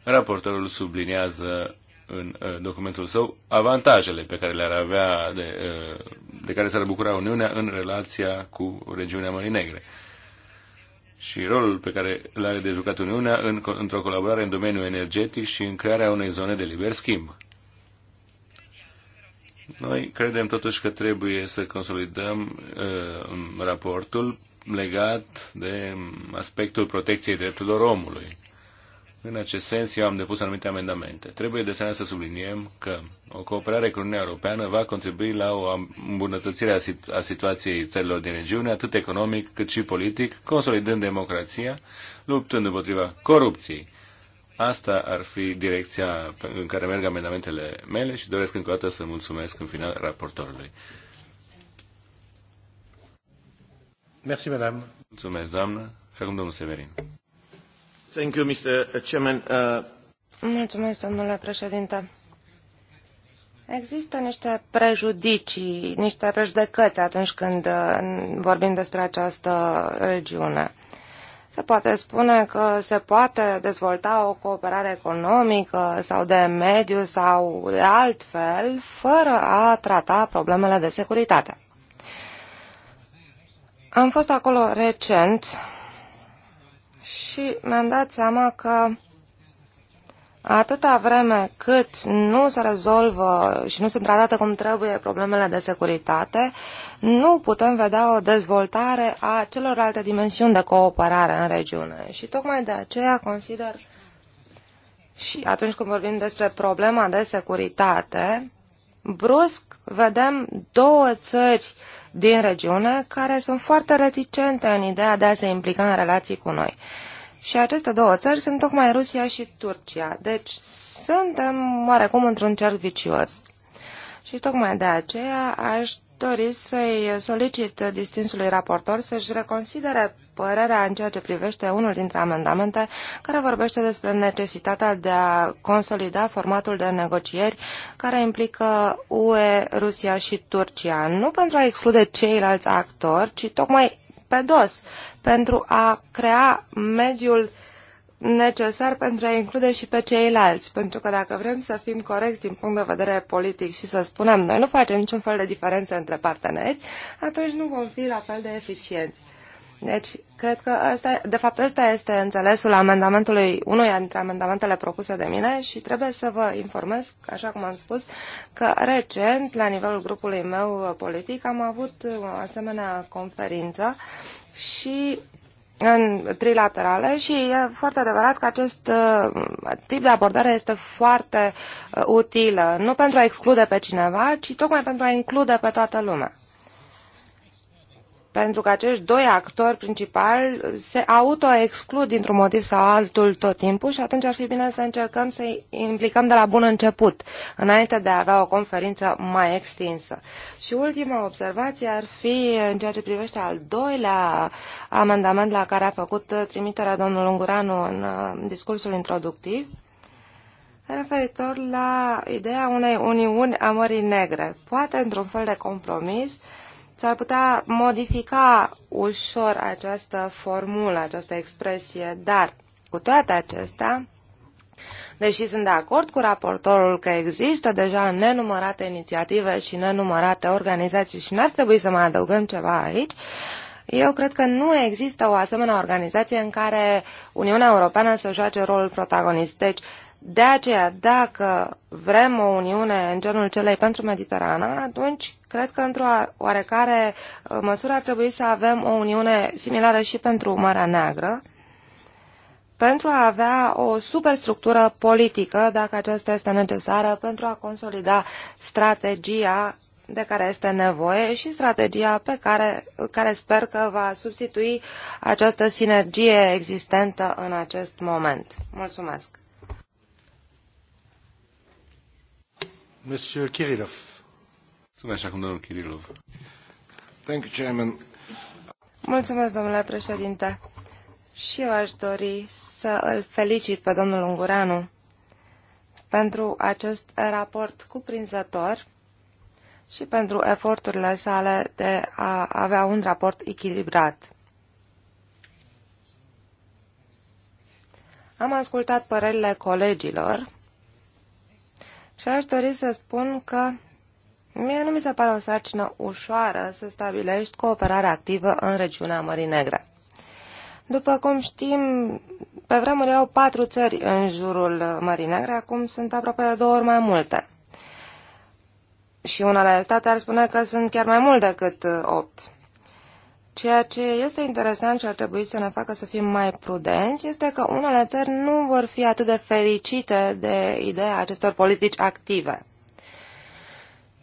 Raportorul subliniază în uh, documentul său avantajele pe care le-ar avea, de, uh, de care s-ar bucura Uniunea în relația cu regiunea Mării Negre și rolul pe care l-are de jucat Uniunea în, într-o colaborare în domeniul energetic și în crearea unei zone de liber schimb. Noi credem totuși că trebuie să consolidăm uh, raportul legat de aspectul protecției drepturilor omului. În acest sens, eu am depus anumite amendamente. Trebuie de asemenea să subliniem că o cooperare cu Uniunea Europeană va contribui la o îmbunătățire a, situ- a situației țărilor din regiune, atât economic cât și politic, consolidând democrația, luptând împotriva corupției Asta ar fi direcția în care merg amendamentele mele și doresc încă o dată să mulțumesc în final raportorului. Merci, madame. Mulțumesc, doamnă. Și acum domnul Severin. Thank you, Mr. Uh, chairman. Uh... Mulțumesc, domnule președinte. Există niște prejudicii, niște prejudecăți atunci când uh, vorbim despre această regiune. Se poate spune că se poate dezvolta o cooperare economică sau de mediu sau de altfel fără a trata problemele de securitate. Am fost acolo recent și mi-am dat seama că Atâta vreme cât nu se rezolvă și nu sunt tratate cum trebuie problemele de securitate, nu putem vedea o dezvoltare a celorlalte dimensiuni de cooperare în regiune. Și tocmai de aceea consider și atunci când vorbim despre problema de securitate, brusc vedem două țări din regiune care sunt foarte reticente în ideea de a se implica în relații cu noi. Și aceste două țări sunt tocmai Rusia și Turcia. Deci suntem oarecum într-un cerc vicios. Și tocmai de aceea aș dori să-i solicit distinsului raportor să-și reconsidere părerea în ceea ce privește unul dintre amendamente care vorbește despre necesitatea de a consolida formatul de negocieri care implică UE, Rusia și Turcia. Nu pentru a exclude ceilalți actori, ci tocmai pe dos, pentru a crea mediul necesar pentru a include și pe ceilalți. Pentru că dacă vrem să fim corecți din punct de vedere politic și să spunem noi nu facem niciun fel de diferență între parteneri, atunci nu vom fi la fel de eficienți. Deci, cred că asta, de fapt, ăsta este înțelesul amendamentului, unuia dintre amendamentele propuse de mine și trebuie să vă informez, așa cum am spus, că recent, la nivelul grupului meu politic, am avut o asemenea conferință și în trilaterale și e foarte adevărat că acest uh, tip de abordare este foarte uh, utilă, nu pentru a exclude pe cineva, ci tocmai pentru a include pe toată lumea pentru că acești doi actori principali se autoexclud dintr-un motiv sau altul tot timpul și atunci ar fi bine să încercăm să-i implicăm de la bun început, înainte de a avea o conferință mai extinsă. Și ultima observație ar fi în ceea ce privește al doilea amendament la care a făcut trimiterea domnul Unguranu în uh, discursul introductiv, referitor la ideea unei uniuni a Mării Negre. Poate într-un fel de compromis, uh, s-ar putea modifica ușor această formulă, această expresie, dar cu toate acestea, deși sunt de acord cu raportorul că există deja nenumărate inițiative și nenumărate organizații și n-ar trebui să mai adăugăm ceva aici, eu cred că nu există o asemenea organizație în care Uniunea Europeană să joace rolul protagonist. Deci, de aceea, dacă vrem o uniune în genul celei pentru Mediterana, atunci cred că într-o oarecare uh, măsură ar trebui să avem o uniune similară și pentru Marea Neagră, pentru a avea o superstructură politică, dacă aceasta este necesară, pentru a consolida strategia de care este nevoie și strategia pe care, care sper că va substitui această sinergie existentă în acest moment. Mulțumesc! Monsieur Kirilov. Mulțumesc acum, domnul Kirilov. Thank you, Chairman. Mulțumesc, domnule președinte. Și eu aș dori să îl felicit pe domnul Ungureanu pentru acest raport cuprinzător și pentru eforturile sale de a avea un raport echilibrat. Am ascultat părerile colegilor și aș dori să spun că mie nu mi se pare o sarcină ușoară să stabilești cooperarea activă în regiunea Mării Negre. După cum știm, pe vremuri erau patru țări în jurul Mării Negre, acum sunt aproape de două ori mai multe. Și unele state ar spune că sunt chiar mai mult decât opt. Ceea ce este interesant și ar trebui să ne facă să fim mai prudenți este că unele țări nu vor fi atât de fericite de ideea acestor politici active.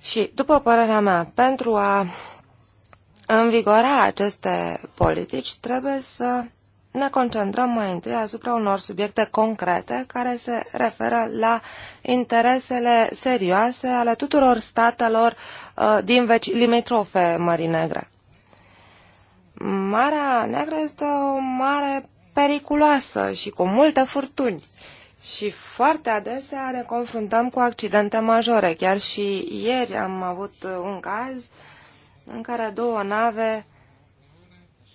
Și, după părerea mea, pentru a învigora aceste politici, trebuie să ne concentrăm mai întâi asupra unor subiecte concrete care se referă la interesele serioase ale tuturor statelor uh, din veci limitrofe Mării Negre. Marea Neagră este o mare periculoasă și cu multe furtuni. Și foarte adesea ne confruntăm cu accidente majore. Chiar și ieri am avut un caz în care două nave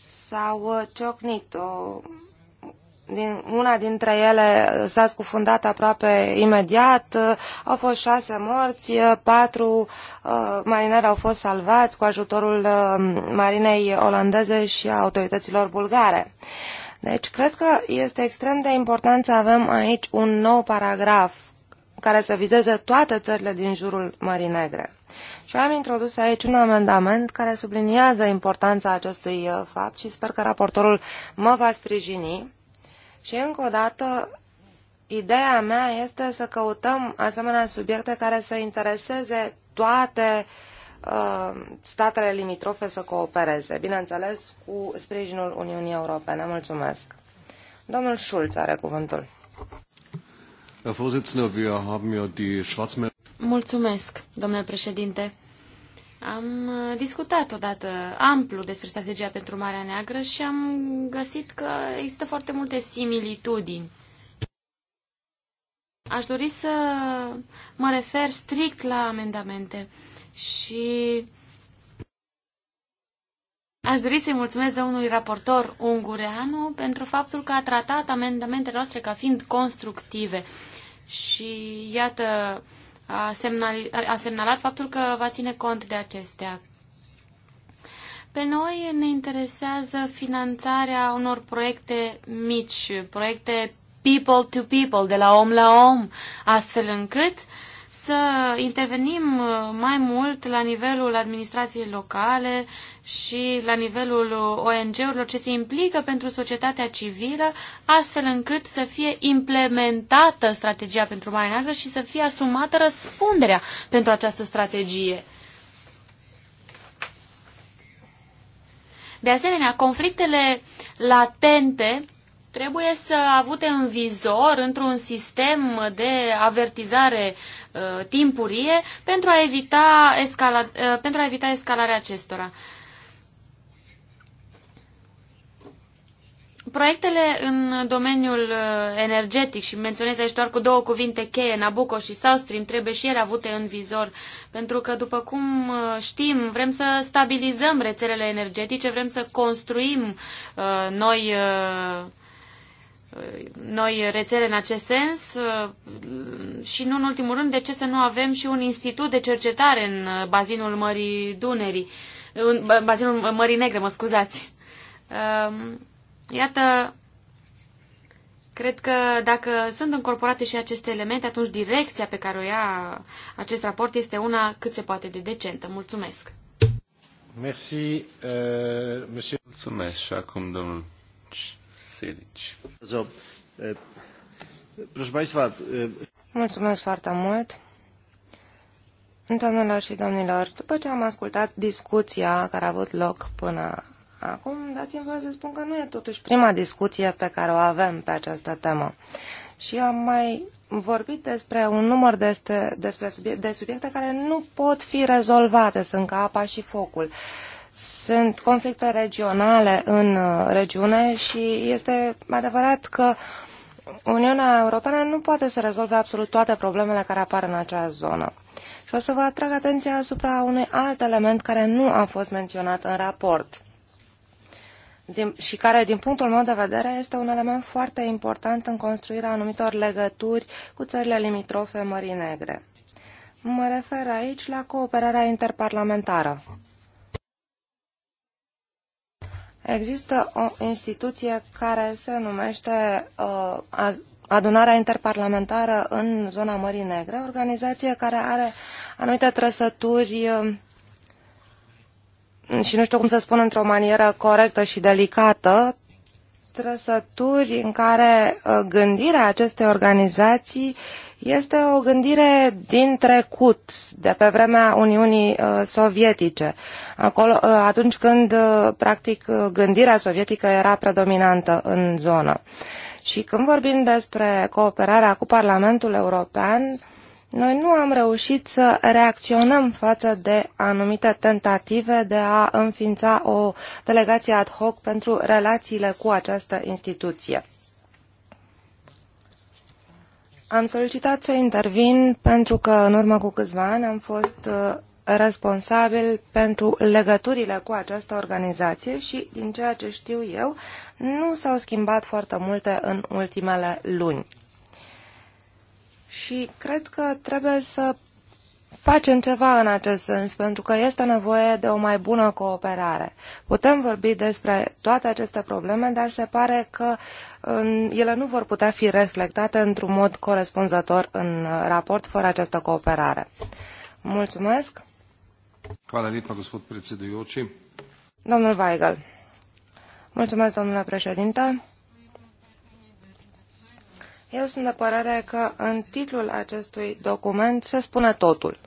s-au ciocnit. O din, una dintre ele s-a scufundat aproape imediat, au fost șase morți, patru uh, marinari au fost salvați cu ajutorul uh, marinei olandeze și a autorităților bulgare. Deci, cred că este extrem de important să avem aici un nou paragraf care să vizeze toate țările din jurul Mării Negre. Și am introdus aici un amendament care subliniază importanța acestui uh, fapt și sper că raportorul mă va sprijini și încă o dată, ideea mea este să căutăm asemenea subiecte care să intereseze toate uh, statele limitrofe să coopereze, bineînțeles cu sprijinul Uniunii Europene. Mulțumesc. Domnul Schulz are cuvântul. Mulțumesc, domnule președinte. Am uh, discutat odată amplu despre strategia pentru Marea Neagră și am găsit că există foarte multe similitudini. Aș dori să mă refer strict la amendamente și aș dori să-i mulțumesc unui raportor ungureanu pentru faptul că a tratat amendamentele noastre ca fiind constructive. Și iată, a, semnal, a semnalat faptul că va ține cont de acestea. Pe noi ne interesează finanțarea unor proiecte mici, proiecte people to people, de la om la om, astfel încât uh, să intervenim uh, mai mult la nivelul administrației locale și la nivelul uh, ONG-urilor ce se implică pentru societatea civilă, astfel încât să fie implementată strategia pentru Marea Neagră și să fie asumată răspunderea pentru această strategie. De asemenea, conflictele latente trebuie să avute în vizor într-un sistem de avertizare Uh, timpurie pentru a evita, escala, uh, pentru a evita escalarea acestora. Proiectele în domeniul uh, energetic, și menționez aici doar cu două cuvinte cheie, Nabucco și South Stream, trebuie și ele avute în vizor, pentru că, după cum uh, știm, vrem să stabilizăm rețelele energetice, vrem să construim uh, noi uh, noi rețele în acest sens uh, și nu în ultimul rând de ce să nu avem și un institut de cercetare în uh, bazinul Mării Dunării în bazinul Mării Negre, mă scuzați. Um, iată, cred că dacă sunt încorporate și aceste elemente, atunci direcția pe care o ia acest raport este una cât se poate de decentă. Mulțumesc! Merci, uh, monsieur. Mulțumesc și acum domnul Silici. Eh, eh, Mulțumesc foarte mult. Doamnelor și domnilor, după ce am ascultat discuția care a avut loc până acum, dați-mi voie să spun că nu e totuși prima discuție pe care o avem pe această temă. Și am mai vorbit despre un număr de, este, despre subiect, de subiecte care nu pot fi rezolvate, sunt ca apa și focul. Uh, sunt conflicte regionale în uh, regiune și este adevărat că Uniunea Europeană nu poate să rezolve absolut toate problemele care apar în acea zonă. Și o să vă atrag atenția asupra unui alt element care nu a fost menționat în raport din, și care, din punctul meu de vedere, este un element foarte important în construirea anumitor legături cu țările limitrofe Mării Negre. Mă refer aici la cooperarea interparlamentară. Există o instituție care se numește uh, Adunarea Interparlamentară în zona Mării Negre, organizație care are anumite trăsături um, și nu știu cum să spun într-o manieră corectă și delicată, trăsături în care uh, gândirea acestei organizații uh, este o gândire din trecut, de pe vremea Uniunii uh, Sovietice, acolo, uh, atunci când, uh, practic, gândirea sovietică era predominantă în zonă. Și când vorbim despre cooperarea cu Parlamentul European, noi nu am reușit să reacționăm față de anumite tentative de a înființa o delegație ad hoc pentru relațiile cu această instituție. Am solicitat să intervin pentru că în urmă cu câțiva ani am fost uh, responsabil pentru legăturile cu această organizație și, din ceea ce știu eu, nu s-au schimbat foarte multe în ultimele luni. Și cred că trebuie să facem ceva în acest sens, pentru că este nevoie de o mai bună cooperare. Putem vorbi despre toate aceste probleme, dar se pare că ele nu vor putea fi reflectate într-un mod corespunzător în uh, raport fără această cooperare. Mulțumesc! Hvala lipa, gospod predsedujoči. Domnul Weigel. Mulțumesc, domnule președinte. Eu sunt de părere că în titlul acestui document se spune totul.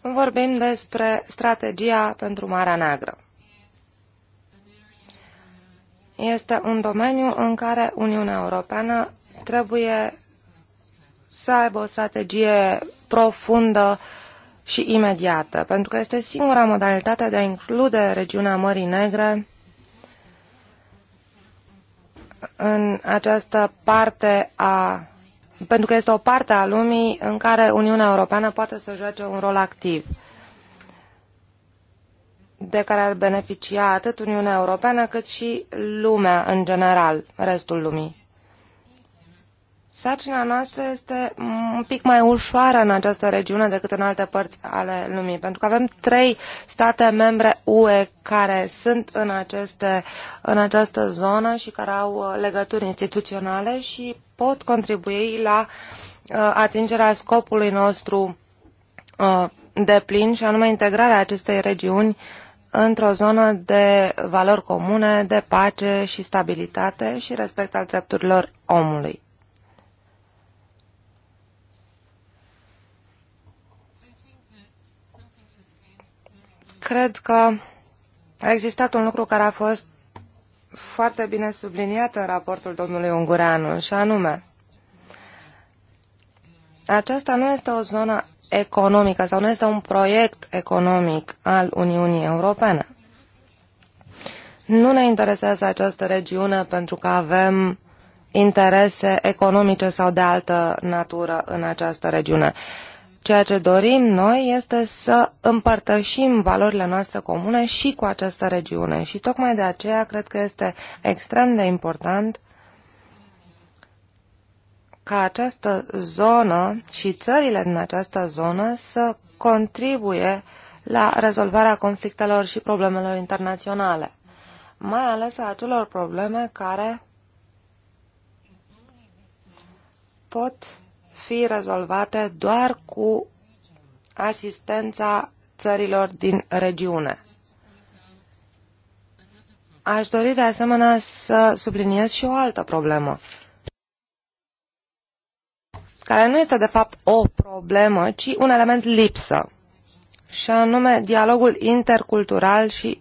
Vorbim despre strategia pentru Marea Neagră este un domeniu în care Uniunea Europeană trebuie să aibă o strategie profundă și imediată, pentru că este singura modalitate de a include regiunea Mării Negre în această parte a pentru că este o parte a lumii în care Uniunea Europeană poate să joace un rol activ de care ar beneficia atât Uniunea Europeană cât și lumea în general, restul lumii. Sarcina noastră este un pic mai ușoară în această regiune decât în alte părți ale lumii, pentru că avem trei state membre UE care sunt în, aceste, în această zonă și care au uh, legături instituționale și pot contribui la uh, atingerea scopului nostru uh, de plin și anume integrarea acestei regiuni uh, într-o zonă de valori comune, de pace și stabilitate și respect al drepturilor omului. Cred că a existat un lucru care a fost foarte bine subliniat în raportul domnului Ungureanu, și anume, aceasta nu este o zonă economică sau nu este un proiect economic al Uniunii Europene. Nu ne interesează această regiune pentru că avem interese economice sau de altă natură în această regiune. Ceea ce dorim noi este să împărtășim valorile noastre comune și cu această regiune și tocmai de aceea cred că este extrem de important ca această zonă și țările din această zonă să contribuie la rezolvarea conflictelor și problemelor internaționale, mai ales a acelor probleme care pot fi rezolvate doar cu asistența țărilor din regiune. Aș dori de asemenea să subliniez și o altă problemă care nu este de fapt o problemă, ci un element lipsă, și anume dialogul intercultural și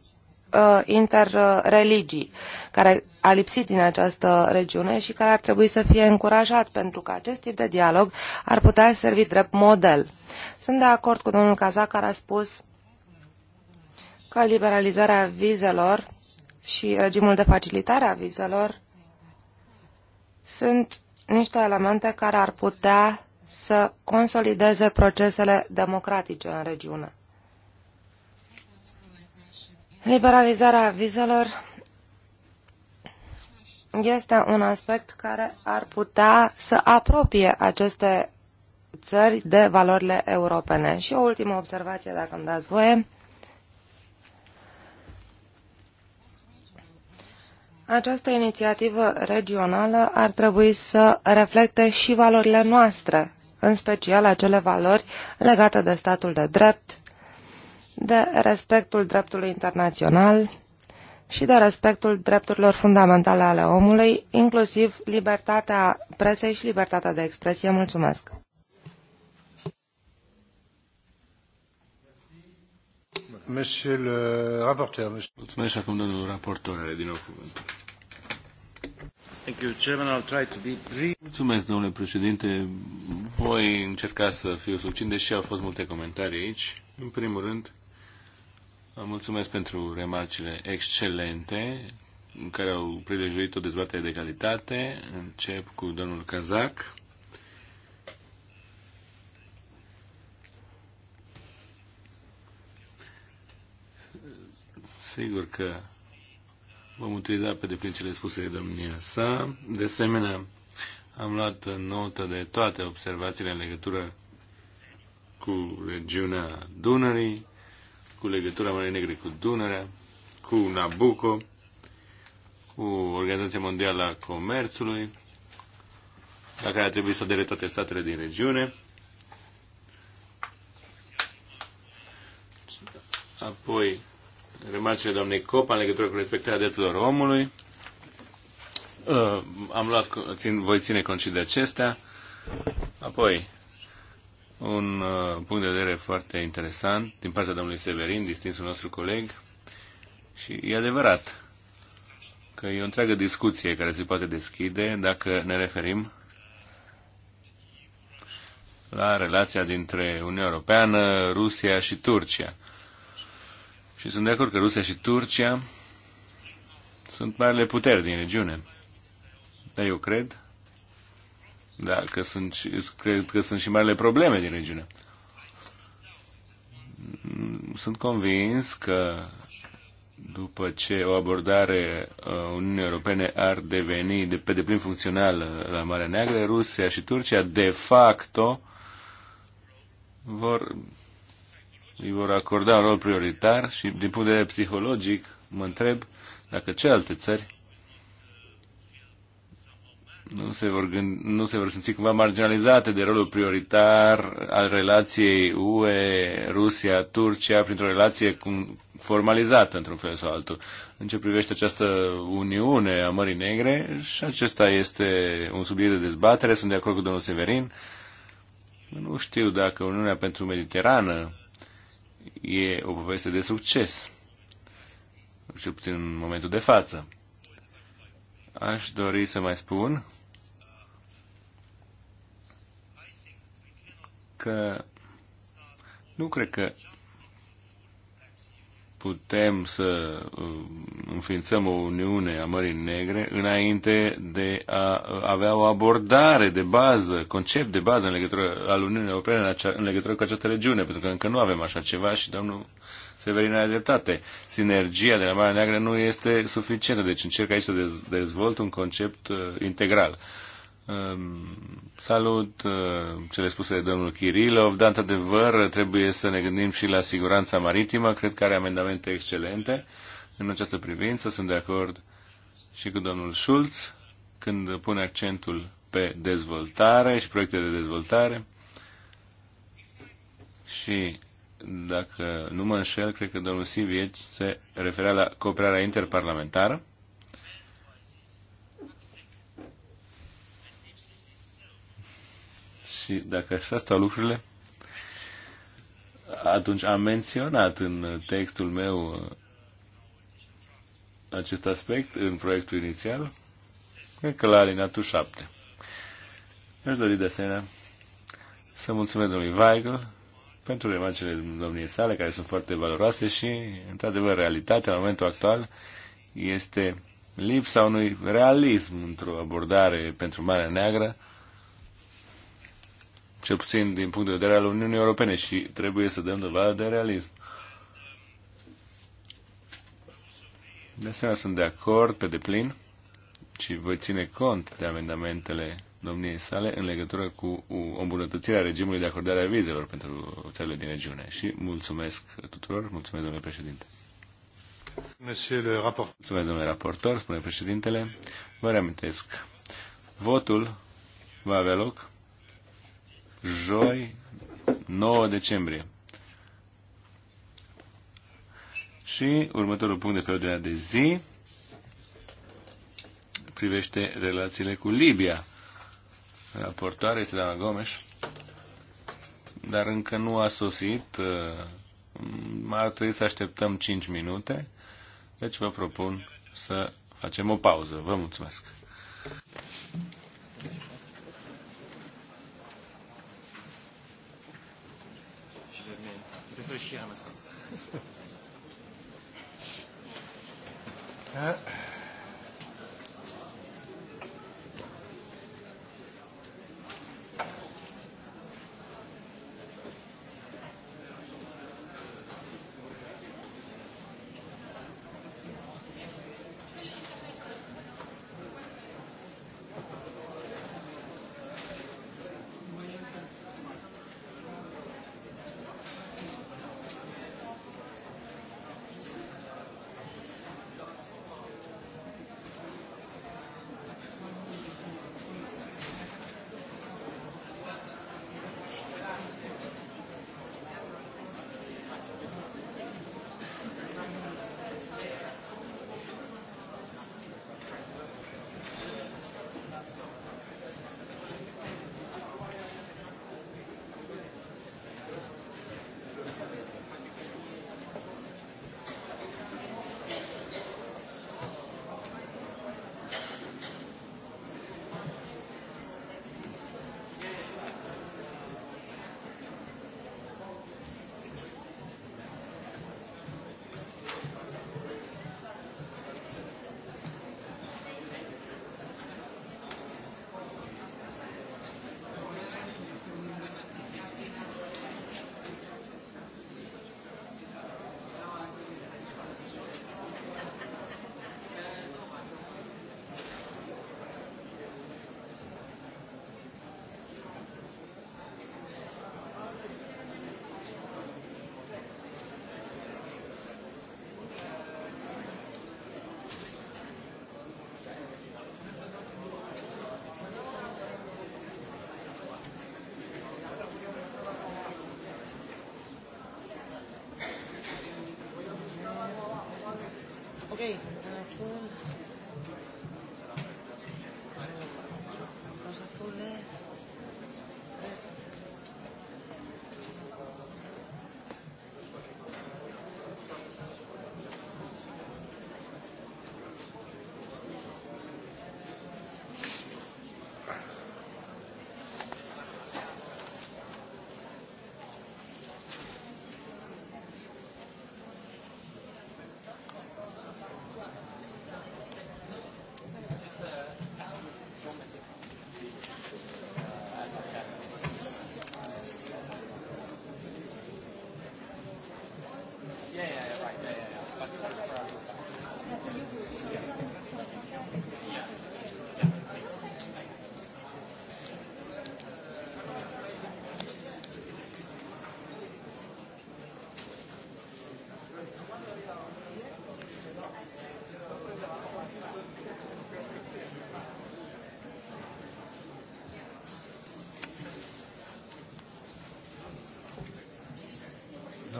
uh, interreligii, care a lipsit din această regiune și care ar trebui să fie încurajat, pentru că acest tip de dialog ar putea servi drept model. Sunt de acord cu domnul Cazac, care a spus că liberalizarea vizelor și regimul de facilitare a vizelor sunt niște elemente care ar putea să consolideze procesele democratice în regiune. Liberalizarea vizelor este un aspect care ar putea să apropie aceste țări de valorile europene. Și o ultimă observație, dacă îmi dați voie. Această inițiativă regională ar trebui să reflecte și valorile noastre, în special acele valori legate de statul de drept, de respectul dreptului internațional și de respectul drepturilor fundamentale ale omului, inclusiv libertatea presei și libertatea de expresie. Mulțumesc! monsieur le rapporteur. Monsieur... Mulțumesc și acum domnul raportor are din nou cuvântul. Thank you, Chairman. I'll try to be brief. Mulțumesc, domnule președinte. Voi încerca să fiu succint, deși au fost multe comentarii aici. În primul rând, mulțumesc pentru remarcile excelente în care au prilejuit o dezbatere de calitate. Încep cu domnul Cazac Sigur că vom utiliza pe deplin cele spuse de domnia sa. De asemenea, am luat notă de toate observațiile în legătură cu regiunea Dunării, cu legătura Mării Negre cu Dunărea, cu Nabucco, cu Organizația Mondială a Comerțului, la care a trebuit să adere toate statele din regiune. Apoi, remarcile doamnei Copa în legătură cu respectarea drepturilor omului. Uh, am luat, țin, voi ține concii de acestea. Apoi, un uh, punct de vedere foarte interesant din partea domnului Severin, distinsul nostru coleg. Și e adevărat că e o întreagă discuție care se poate deschide dacă ne referim la relația dintre Uniunea Europeană, Rusia și Turcia. Și sunt de acord că Rusia și Turcia sunt marile puteri din regiune. Dar eu cred, da, că sunt, cred că sunt și marile probleme din regiune. Sunt convins că după ce o abordare a uh, Uniunii Europene ar deveni de pe deplin funcțională la Marea Neagră, Rusia și Turcia de facto vor îi vor acorda un rol prioritar și din punct de vedere psihologic mă întreb dacă celelalte țări nu se vor, gând, nu se vor simți cumva marginalizate de rolul prioritar al relației UE, Rusia, Turcia, printr-o relație formalizată într-un fel sau altul. În ce privește această uniune a Mării Negre, și acesta este un subiect de dezbatere, sunt de acord cu domnul Severin. Nu știu dacă Uniunea pentru Mediterană e o poveste de succes, și puțin în momentul de față. Aș dori să mai spun că nu cred că putem să um, înființăm o uniune a Mării Negre înainte de a avea o abordare de bază, concept de bază în legătură al Uniunii Europene în, acea, în legătură cu această regiune, pentru că încă nu avem așa ceva și domnul Severin are dreptate. Sinergia de la Marea Neagră nu este suficientă, deci încerc aici să dezvolt un concept uh, integral. Uh, Ehm, salut eh, cele spuse de domnul Kirilov, dar într-adevăr trebuie să ne gândim și la siguranța maritimă. Cred că are amendamente excelente în această privință. Sunt de acord și cu domnul Schulz când pune accentul pe dezvoltare și proiecte de dezvoltare. Și dacă nu mă înșel, cred că domnul Siviet se referea la cooperarea interparlamentară. Și dacă așa stau lucrurile, atunci am menționat în textul meu uh, acest aspect în proiectul inițial, cred că la alineatul 7. aș dori de asemenea să mulțumesc domnului Weigl pentru remarcele domniei sale, care sunt foarte valoroase și, într-adevăr, realitatea în momentul actual este lipsa unui realism într-o abordare pentru Marea Neagră cel puțin din punct de vedere al Uniunii Europene și trebuie să dăm dovadă de realism. De asemenea, sunt de acord pe deplin și voi ține cont de amendamentele domniei sale în legătură cu o îmbunătățire a regimului de acordare a vizelor pentru țările din regiune. Și mulțumesc tuturor, mulțumesc domnule președinte. Mulțumesc domnule raportor, spune președintele. Vă reamintesc, votul va avea loc joi, 9 decembrie. Și următorul punct de pe ordinea de zi privește relațiile cu Libia. Raportoare este doamna Gomes, dar încă nu a sosit. Uh, Ar trebui să așteptăm 5 minute, deci vă propun să facem o pauză. Vă mulțumesc! réfléchir un da. Okay.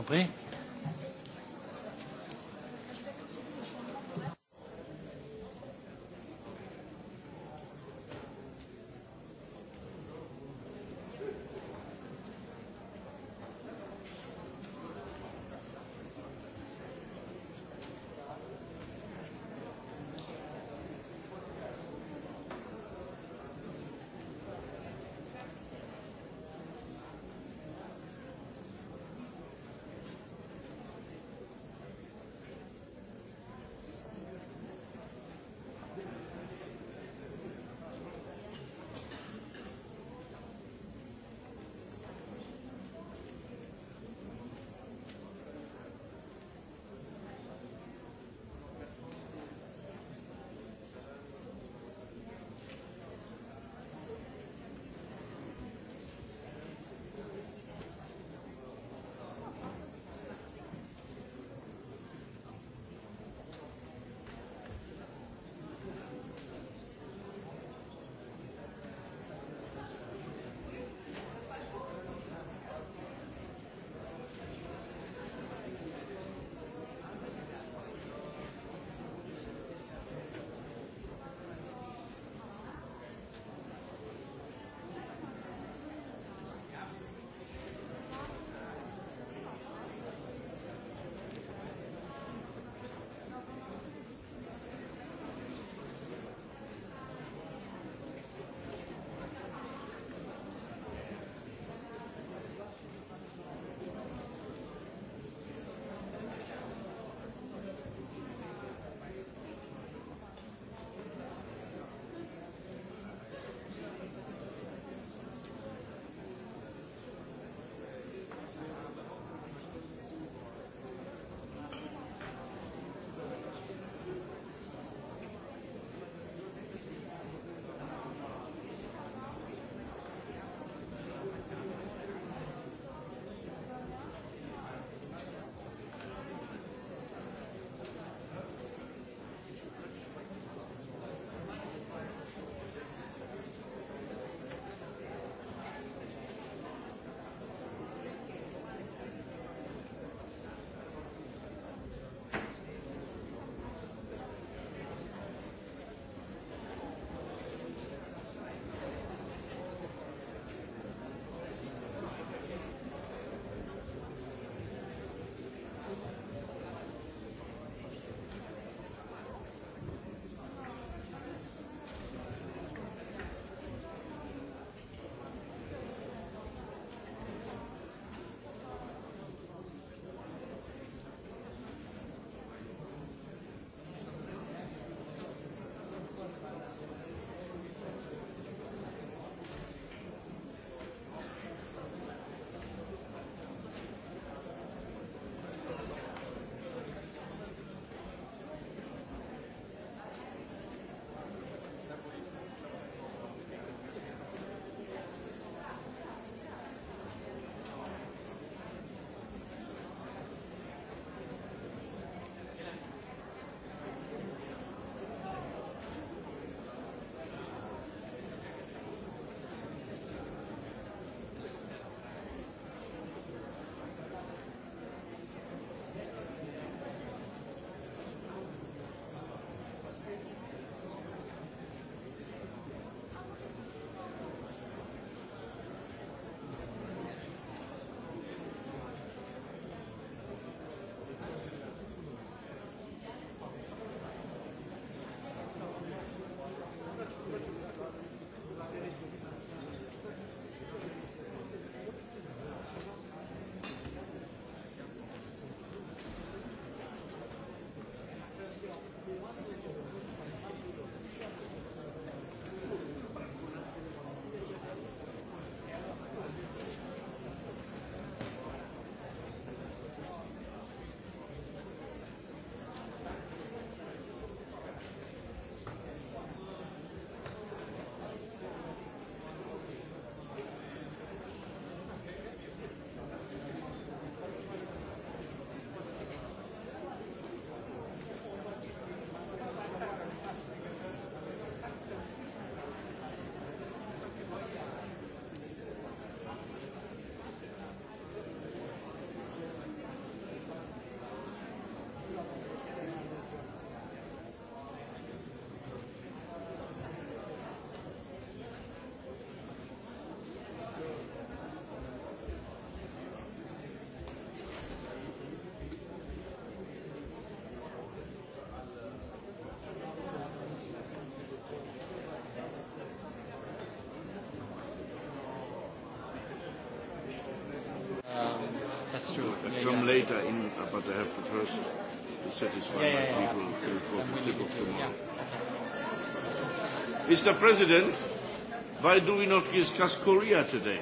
compris true. They yeah, come yeah. later in, uh, but I have to first satisfy yeah, yeah, people yeah, before the tip of tomorrow. Yeah. Mr. President, why do we not discuss Korea today?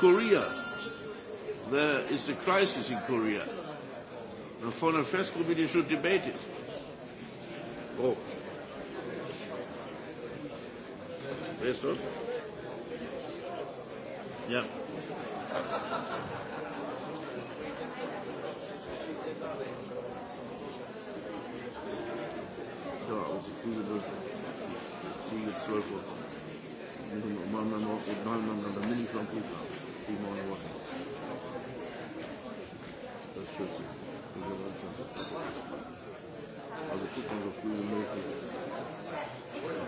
Korea. There is a crisis in Korea. The Foreign Affairs Committee should debate it. Oh. Yes, sir? Yeah. de 12 uur komen. Misschien om man dan ook, dan man dan de minder van Kuba. Die man dan ook. Dat is juist. Dat is wel juist. Als het goed komt, dan kun je mee. Dan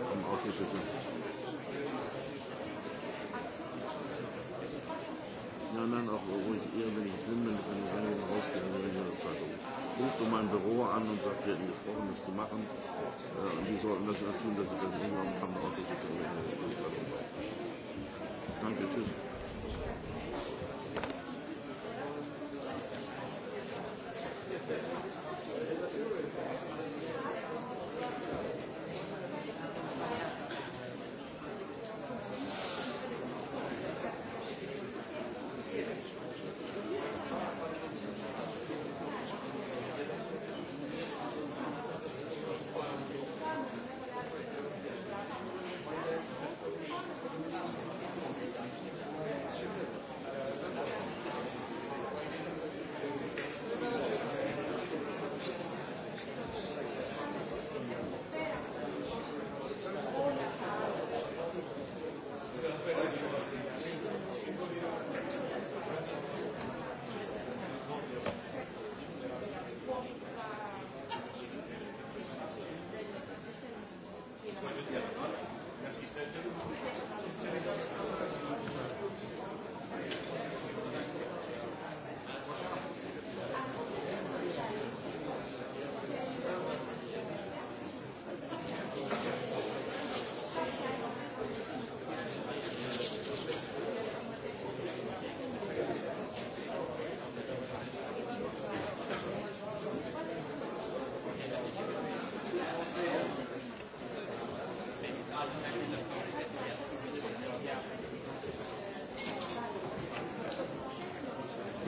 kan het ook niet zitten. Nein, nein, auch ich eher, wenn ich schwimmen bin, wenn ich rausgehen ruft um mein Büro an und sagt, wir hätten gesprochen, das zu machen. Äh, und die sollten das erst tun, dass sie das irgendwann am Ort Danke, tschüss.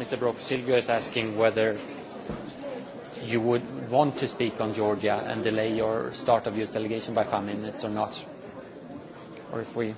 Mr. Brok, Silvio is asking whether you would want to speak on Georgia and delay your start of your delegation by five minutes or not, or if we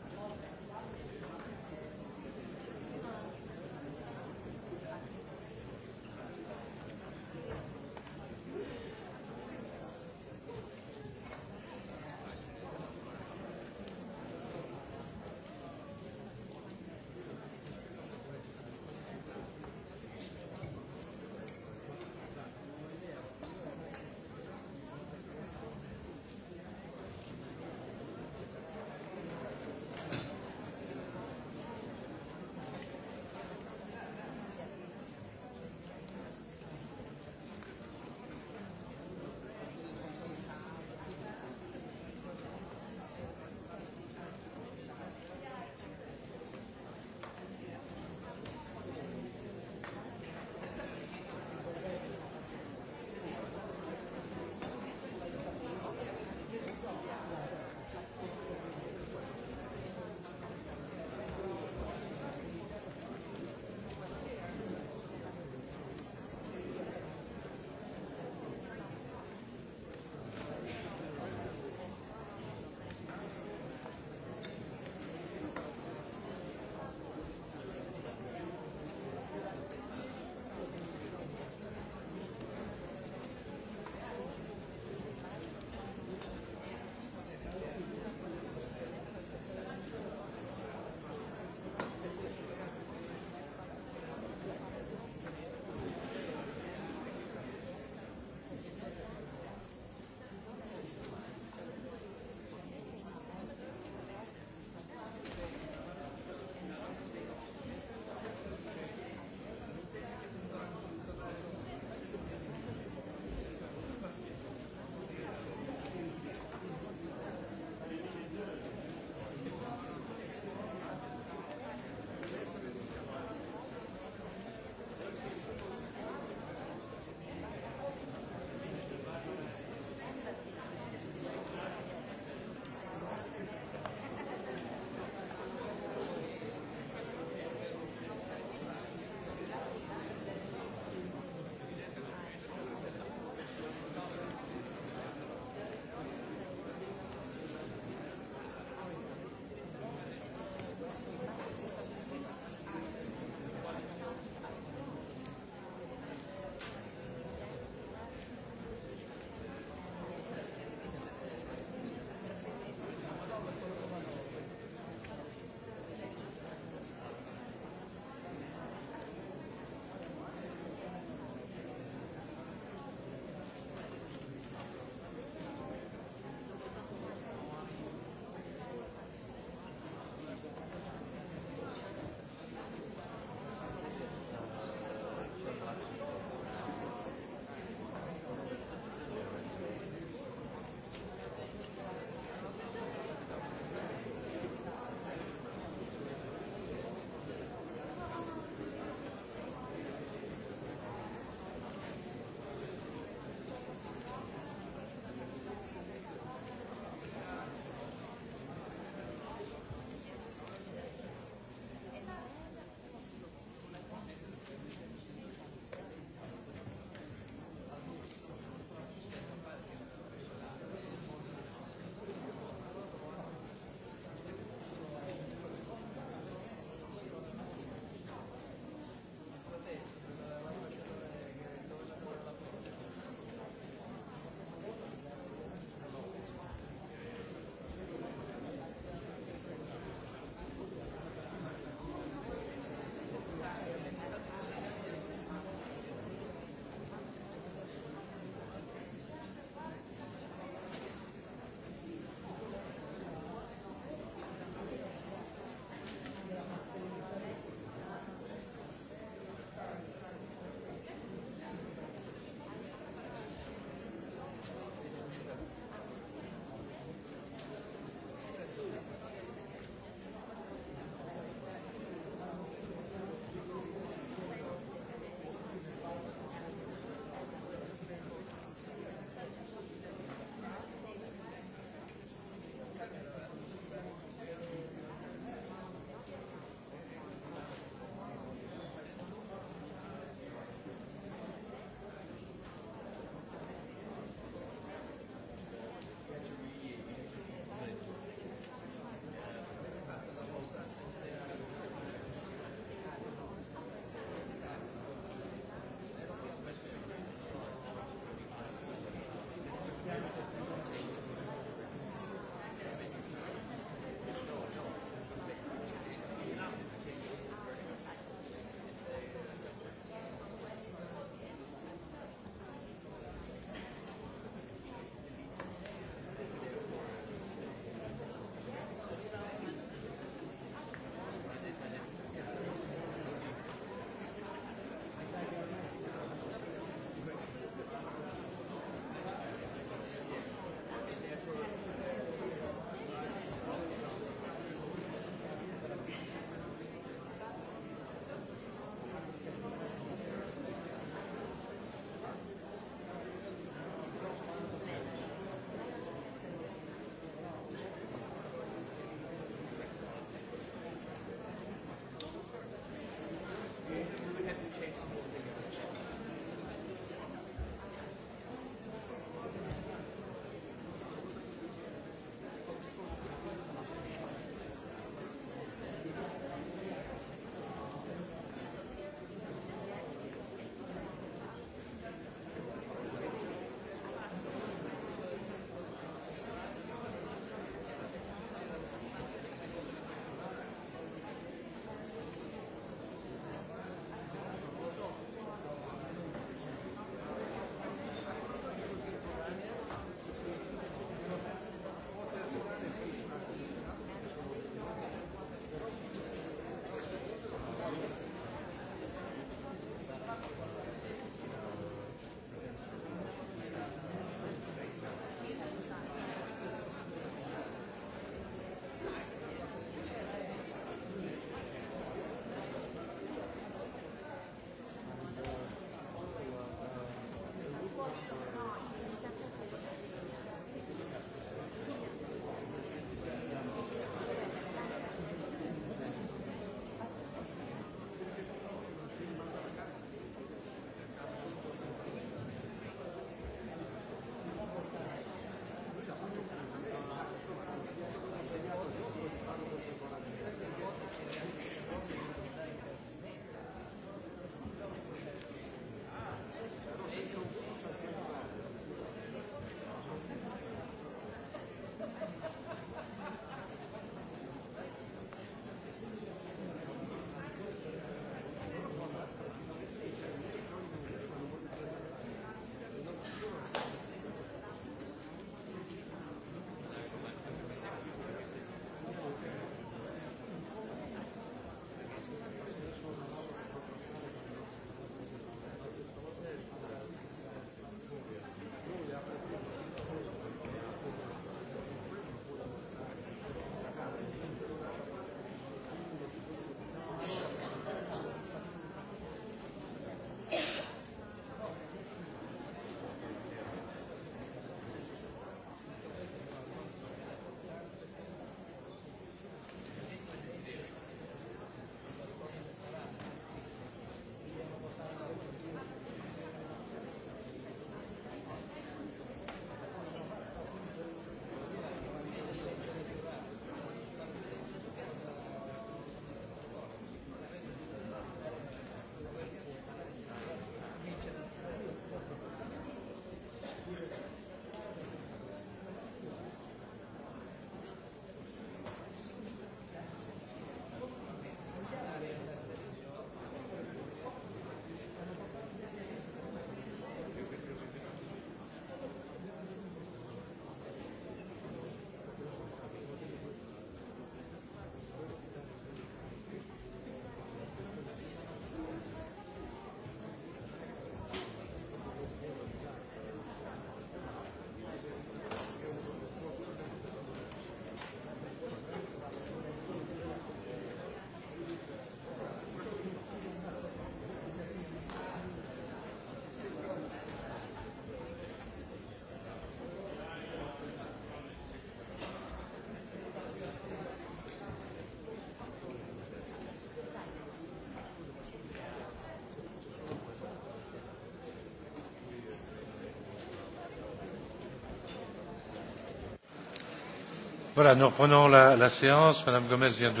Voilà, nous reprenons la, la séance. Madame Gomez vient de...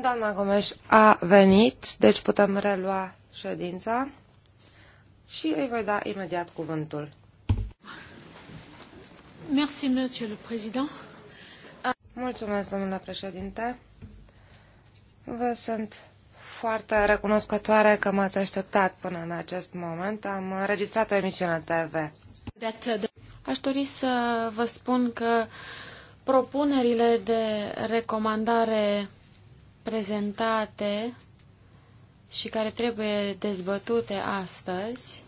Doamna Gomes a venit, deci putem relua ședința și îi voi da imediat cuvântul. Merci, monsieur le président. Mulțumesc, domnule președinte. Vă sunt foarte recunoscătoare că m-ați așteptat până în acest moment. Am înregistrat o emisiune TV. Aș dori să vă spun că Propunerile de recomandare prezentate și care trebuie dezbătute astăzi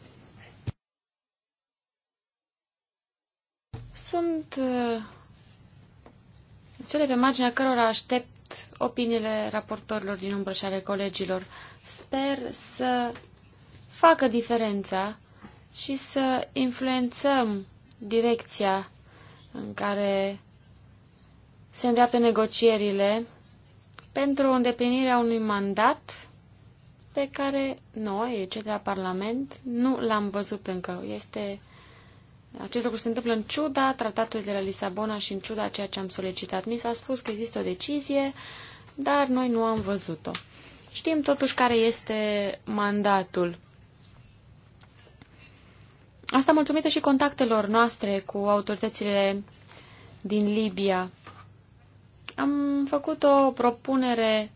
sunt uh, cele pe marginea cărora aștept opiniile raportorilor din umbră și ale colegilor. Sper să facă diferența și să influențăm direcția în care se îndreaptă negocierile pentru îndeplinirea unui mandat pe care noi, cei de la Parlament, nu l-am văzut încă. Este... Acest lucru se întâmplă în ciuda tratatului de la Lisabona și în ciuda ceea ce am solicitat. Mi s-a spus că există o decizie, dar noi nu am văzut-o. Știm totuși care este mandatul. Asta mulțumită și contactelor noastre cu autoritățile din Libia am făcut o propunere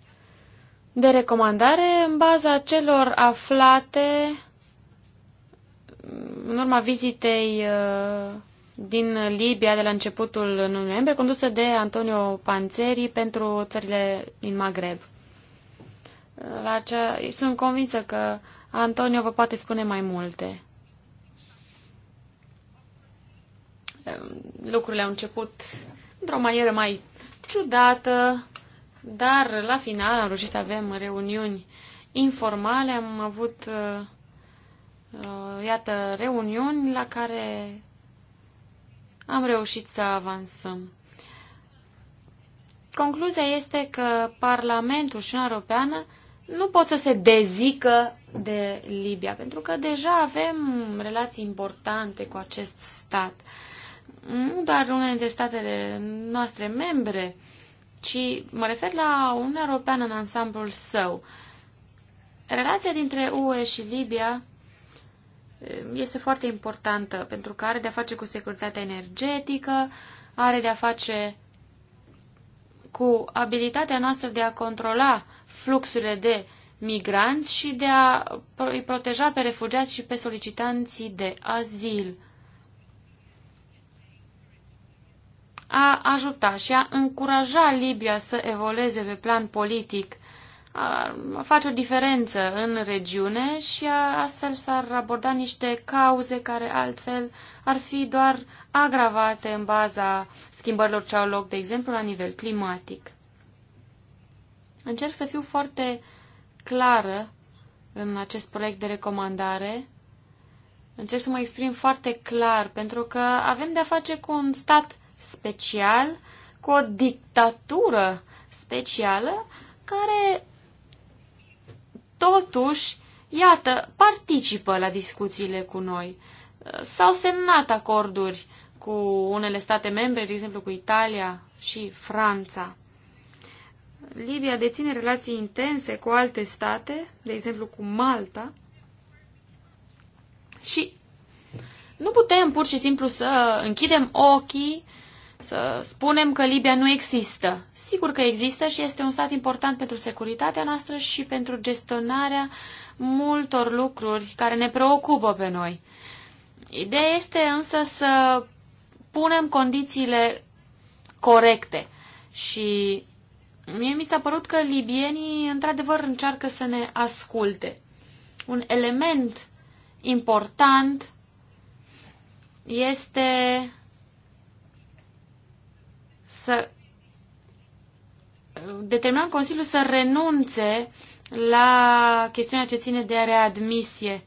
de recomandare în baza celor aflate în urma vizitei uh, din Libia de la începutul noiembrie, condusă de Antonio Panzeri pentru țările din Maghreb. La cea, sunt convinsă că Antonio vă poate spune mai multe. Lucrurile au început într-o manieră mai ciudată, dar la final am reușit să avem reuniuni informale. Am avut, uh, uh, iată, reuniuni la care am reușit să avansăm. Concluzia este că Parlamentul și Uniunea Europeană nu pot să se dezică de Libia, pentru că deja avem relații importante cu acest stat nu doar unele dintre statele noastre membre, ci mă refer la Uniunea Europeană în ansamblul său. Relația dintre UE și Libia eh, este foarte importantă pentru că are de-a face cu securitatea energetică, are de-a face cu abilitatea noastră de a controla fluxurile de migranți și de a îi proteja pe refugiați și pe solicitanții de azil. a ajuta și a încuraja Libia să evolueze pe plan politic, a face o diferență în regiune și a, astfel s-ar aborda niște cauze care altfel ar fi doar agravate în baza schimbărilor ce au loc, de exemplu, la nivel climatic. Încerc să fiu foarte clară în acest proiect de recomandare. Încerc să mă exprim foarte clar, pentru că avem de-a face cu un stat special, cu o dictatură specială, care totuși, iată, participă la discuțiile cu noi. S-au semnat acorduri cu unele state membre, de exemplu cu Italia și Franța. Libia deține relații intense cu alte state, de exemplu cu Malta, și nu putem pur și simplu să închidem ochii să spunem că Libia nu există. Sigur că există și este un stat important pentru securitatea noastră și pentru gestionarea multor lucruri care ne preocupă pe noi. Ideea este însă să punem condițiile corecte și mie mi s-a părut că libienii într-adevăr încearcă să ne asculte. Un element important este să determinăm Consiliul să renunțe la chestiunea ce ține de readmisie.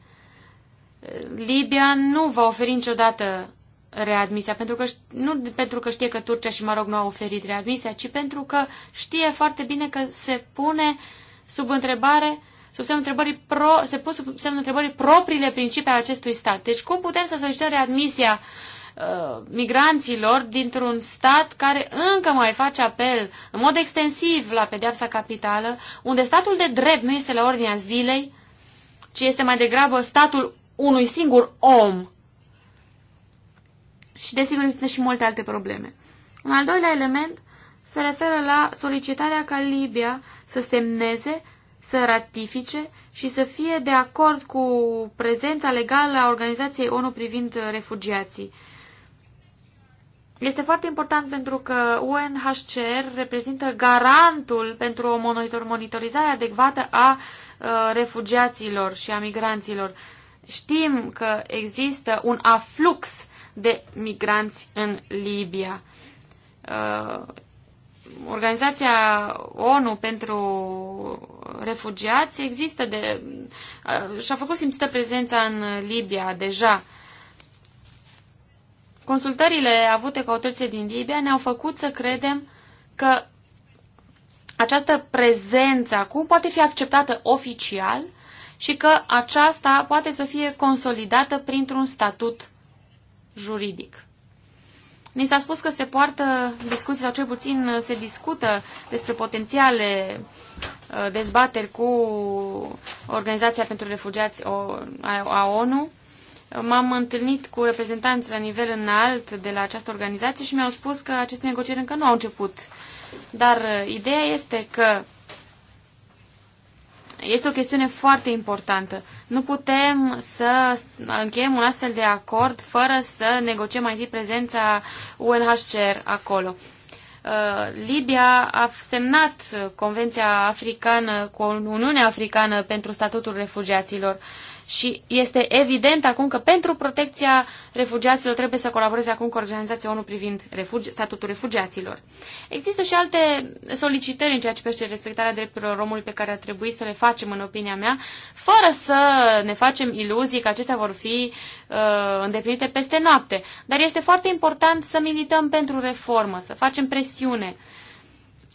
Libia nu va oferi niciodată readmisia, pentru că, nu pentru că știe că Turcia și Maroc nu au oferit readmisia, ci pentru că știe foarte bine că se pune sub întrebare sub semnul întrebării pro, se pun sub semnul întrebării propriile principii ale acestui stat. Deci cum putem să solicităm readmisia Uh, migranților dintr-un stat care încă mai face apel în mod extensiv la pedeapsa capitală, unde statul de drept nu este la ordinea zilei, ci este mai degrabă statul unui singur om. Și desigur există și multe alte probleme. Un al doilea element se referă la solicitarea ca Libia să semneze, să ratifice și să fie de acord cu prezența legală a Organizației ONU privind refugiații. Este foarte important pentru că UNHCR reprezintă garantul pentru o monitorizare adecvată a uh, refugiaților și a migranților. Știm că există un aflux de migranți în Libia. Uh, Organizația ONU pentru refugiați există de, uh, și-a făcut simțită prezența în Libia deja. Consultările avute cu autoritățile din Libia ne-au făcut să credem că această prezență acum poate fi acceptată oficial și că aceasta poate să fie consolidată printr-un statut juridic. Ni s-a spus că se poartă discuții, sau cel puțin se discută despre potențiale uh, dezbateri cu Organizația pentru Refugiați a ONU M-am întâlnit cu reprezentanți la nivel înalt de la această organizație și mi-au spus că aceste negocieri încă nu au început. Dar uh, ideea este că este o chestiune foarte importantă. Nu putem să încheiem un astfel de acord fără să negociem mai întâi prezența UNHCR acolo. Uh, Libia a semnat Convenția Africană cu Uniunea Africană pentru statutul refugiaților. Și este evident acum că pentru protecția refugiaților trebuie să colaboreze acum cu Organizația ONU privind refugi, statutul refugiaților. Există și alte solicitări în ceea ce privește respectarea drepturilor omului pe care ar trebui să le facem, în opinia mea, fără să ne facem iluzii că acestea vor fi uh, îndeplinite peste noapte. Dar este foarte important să milităm pentru reformă, să facem presiune.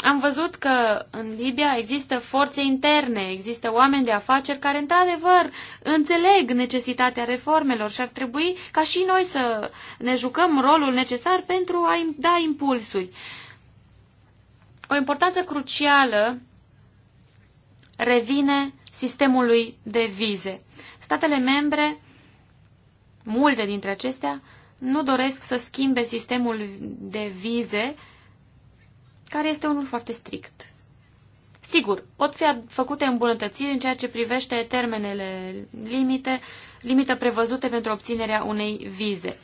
Am văzut că în Libia există forțe interne, există oameni de afaceri care, într-adevăr, înțeleg necesitatea reformelor și ar trebui ca și noi să ne jucăm rolul necesar pentru a da impulsuri. O importanță crucială revine sistemului de vize. Statele membre, multe dintre acestea, nu doresc să schimbe sistemul de vize care este unul foarte strict. Sigur, pot fi făcute îmbunătățiri în ceea ce privește termenele limite, limită prevăzute pentru obținerea unei vize.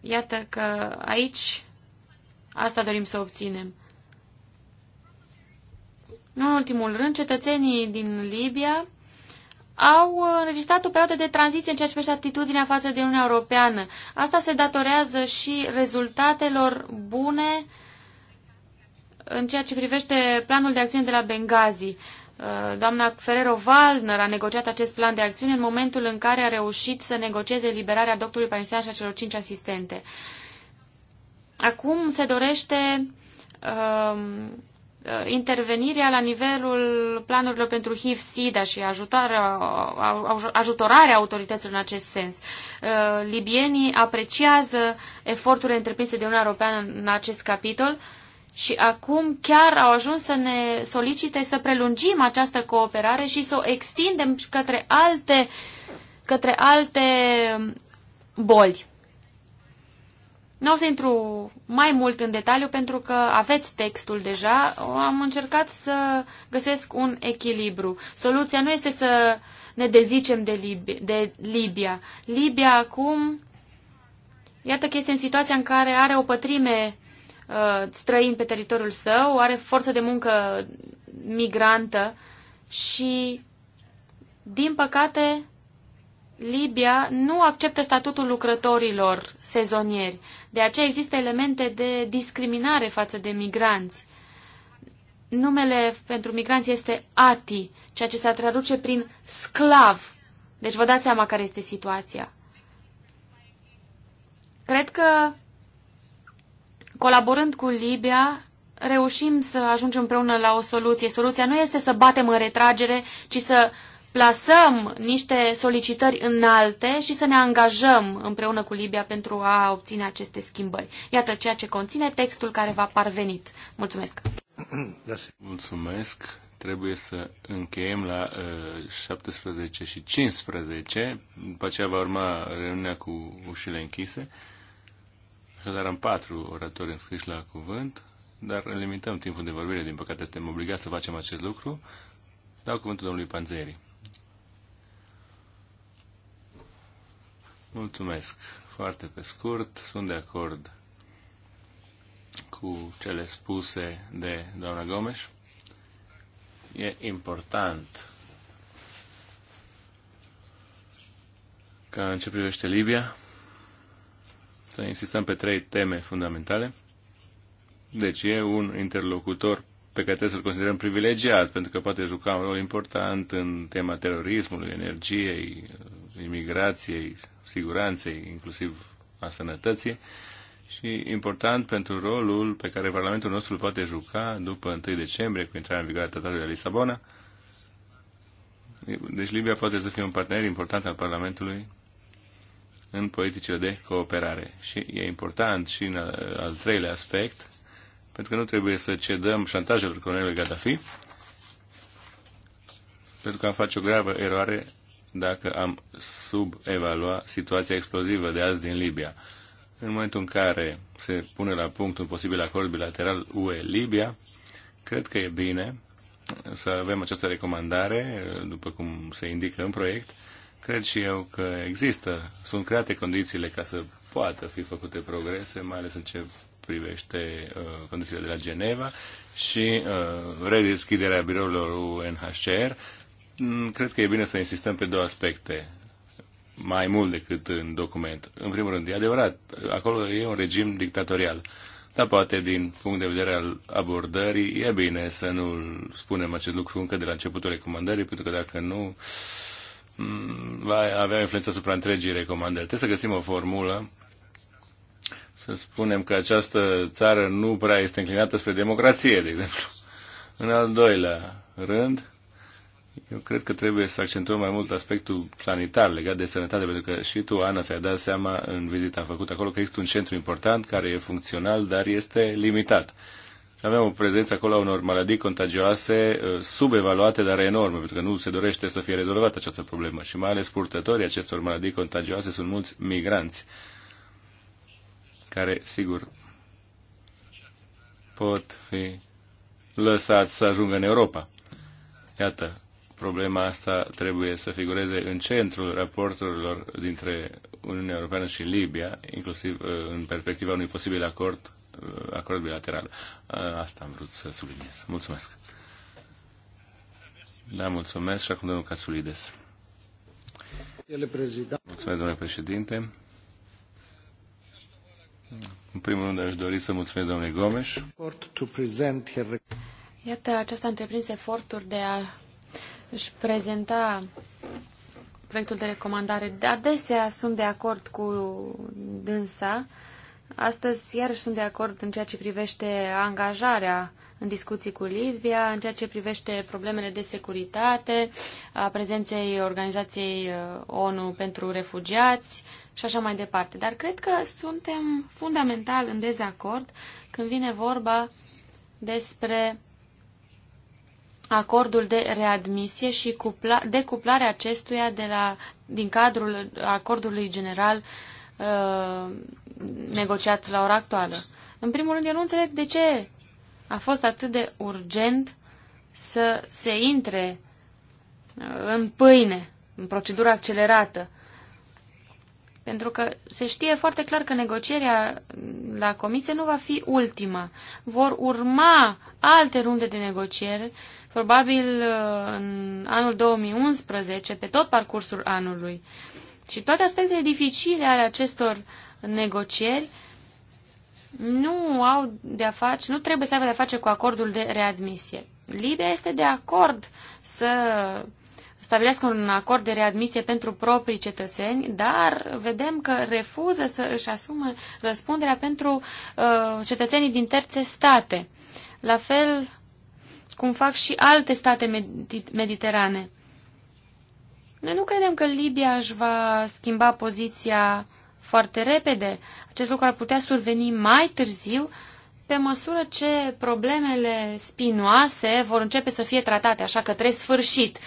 Iată că aici asta dorim să obținem. în ultimul rând, cetățenii din Libia au înregistrat o perioadă de tranziție în ceea ce privește atitudinea față de Uniunea Europeană. Asta se datorează și rezultatelor bune uh, în ceea ce privește planul de acțiune de la Benghazi. Uh, doamna Ferrero-Valner a negociat acest plan de acțiune în momentul în care a reușit să negocieze liberarea doctorului Panisian și a celor cinci asistente. Acum se dorește uh, intervenirea la nivelul planurilor pentru HIV-SIDA și ajutarea, ajutorarea autorităților în acest sens. Uh, libienii apreciază eforturile întreprinse de Uniunea Europeană în acest capitol uh, și acum chiar au ajuns să ne solicite să prelungim această cooperare și să o extindem către alte, către alte um, boli. Nu o să intru mai mult în detaliu pentru că aveți textul deja. Am încercat să găsesc un echilibru. Soluția nu este să ne dezicem de, Lib- de Libia. Libia acum, iată că este în situația în care are o pătrime Uh, străini pe teritoriul său, are forță de muncă migrantă și, din păcate, Libia nu acceptă statutul lucrătorilor sezonieri. De aceea există elemente de discriminare față de migranți. Numele pentru migranți este Ati, ceea ce se traduce prin sclav. Deci vă dați seama care este situația. Cred că Colaborând cu Libia, reușim să ajungem împreună la o soluție. Soluția nu este să batem în retragere, ci să plasăm niște solicitări înalte și să ne angajăm împreună cu Libia pentru a obține aceste schimbări. Iată ceea ce conține textul care va parvenit. Mulțumesc! Mulțumesc! Trebuie să încheiem la uh, 17 și 15, după aceea va urma reuniunea cu ușile închise. Așadar am patru oratori înscriși la cuvânt, dar limităm timpul de vorbire, din păcate suntem obligați să facem acest lucru. Dau cuvântul domnului Panzeri. Mulțumesc. Foarte pe scurt, sunt de acord cu cele spuse de doamna Gomes. E important ca în ce privește Libia să insistăm pe trei teme fundamentale. Deci e un interlocutor pe care trebuie să-l considerăm privilegiat, pentru că poate juca un rol important în tema terorismului, energiei, imigrației, siguranței, inclusiv a sănătății și important pentru rolul pe care Parlamentul nostru îl poate juca după 1 decembrie, cu intrarea în vigoare a Tratatului de Lisabona. Deci Libia poate să fie un partener important al Parlamentului în politicile de cooperare. Și e important și în uh, al treilea aspect, pentru că nu trebuie să cedăm șantajelor colonelului Gaddafi, pentru că am face o gravă eroare dacă am subevalua situația explozivă de azi din Libia. În momentul în care se pune la punct un posibil acord bilateral UE-Libia, cred că e bine să avem această recomandare, după cum se indică în proiect, Cred și eu că există, sunt create condițiile ca să poată fi făcute progrese, mai ales în ce privește uh, condițiile de la Geneva și uh, redeschiderea birourilor UNHCR. Mm, cred că e bine să insistăm pe două aspecte mai mult decât în document. În primul rând, e adevărat, acolo e un regim dictatorial. Dar poate din punct de vedere al abordării e bine să nu spunem acest lucru încă de la începutul recomandării, pentru că dacă nu, uh, Mm, va avea influență asupra întregii recomandări. Trebuie să găsim o formulă să spunem că această țară nu prea este înclinată spre democrație, de exemplu. În al doilea rând, eu cred că trebuie să accentuăm mai mult aspectul sanitar legat de sănătate, pentru că și tu, Ana, ți-ai dat seama în vizita făcută acolo că există un centru important care e funcțional, dar este limitat avem o prezență acolo a unor maladii contagioase uh, subevaluate, dar enorme, pentru că nu se dorește să fie rezolvată această problemă. Și mai ales purtătorii acestor maladii contagioase sunt mulți migranți, care, sigur, pot fi lăsați să ajungă în Europa. Iată, problema asta trebuie să figureze în centrul raporturilor dintre Uniunea Europeană și Libia, inclusiv uh, în perspectiva unui posibil acord Uh, acord bilateral. Uh, asta am vrut să subliniez. Mulțumesc. Da, mulțumesc și acum domnul Casulides. Mulțumesc, domnule președinte. În primul rând aș dori să mulțumesc domnului Gomes. Iată, aceasta a întreprins eforturi de a își prezenta proiectul de recomandare. Adesea sunt de acord cu dânsa Astăzi, iarăși sunt de acord în ceea ce privește angajarea în discuții cu Libia, în ceea ce privește problemele de securitate, a prezenței organizației uh, ONU pentru refugiați și așa mai departe. Dar cred că suntem fundamental în dezacord când vine vorba despre acordul de readmisie și decuplarea acestuia de la, din cadrul acordului general uh, Uh, negociat la ora actuală. În primul rând, eu nu înțeleg de ce a fost atât de urgent să se intre uh, în pâine, în procedură accelerată. Pentru că se știe foarte clar că negocierea la comisie nu va fi ultima. Vor urma alte runde de negociere, probabil uh, în anul 2011, pe tot parcursul anului. Și toate aspectele dificile ale acestor negocieri nu au de-a face, nu trebuie să aibă de-a face cu acordul de readmisie. Libia este de acord să stabilească un acord de readmisie pentru proprii cetățeni, dar vedem că refuză să își asume răspunderea pentru uh, cetățenii din terțe state. La fel cum fac și alte state mediterane. Noi nu credem că Libia își va schimba poziția foarte repede. Acest lucru ar putea surveni mai târziu, pe măsură ce problemele spinoase vor începe să fie tratate, așa că trebuie sfârșit.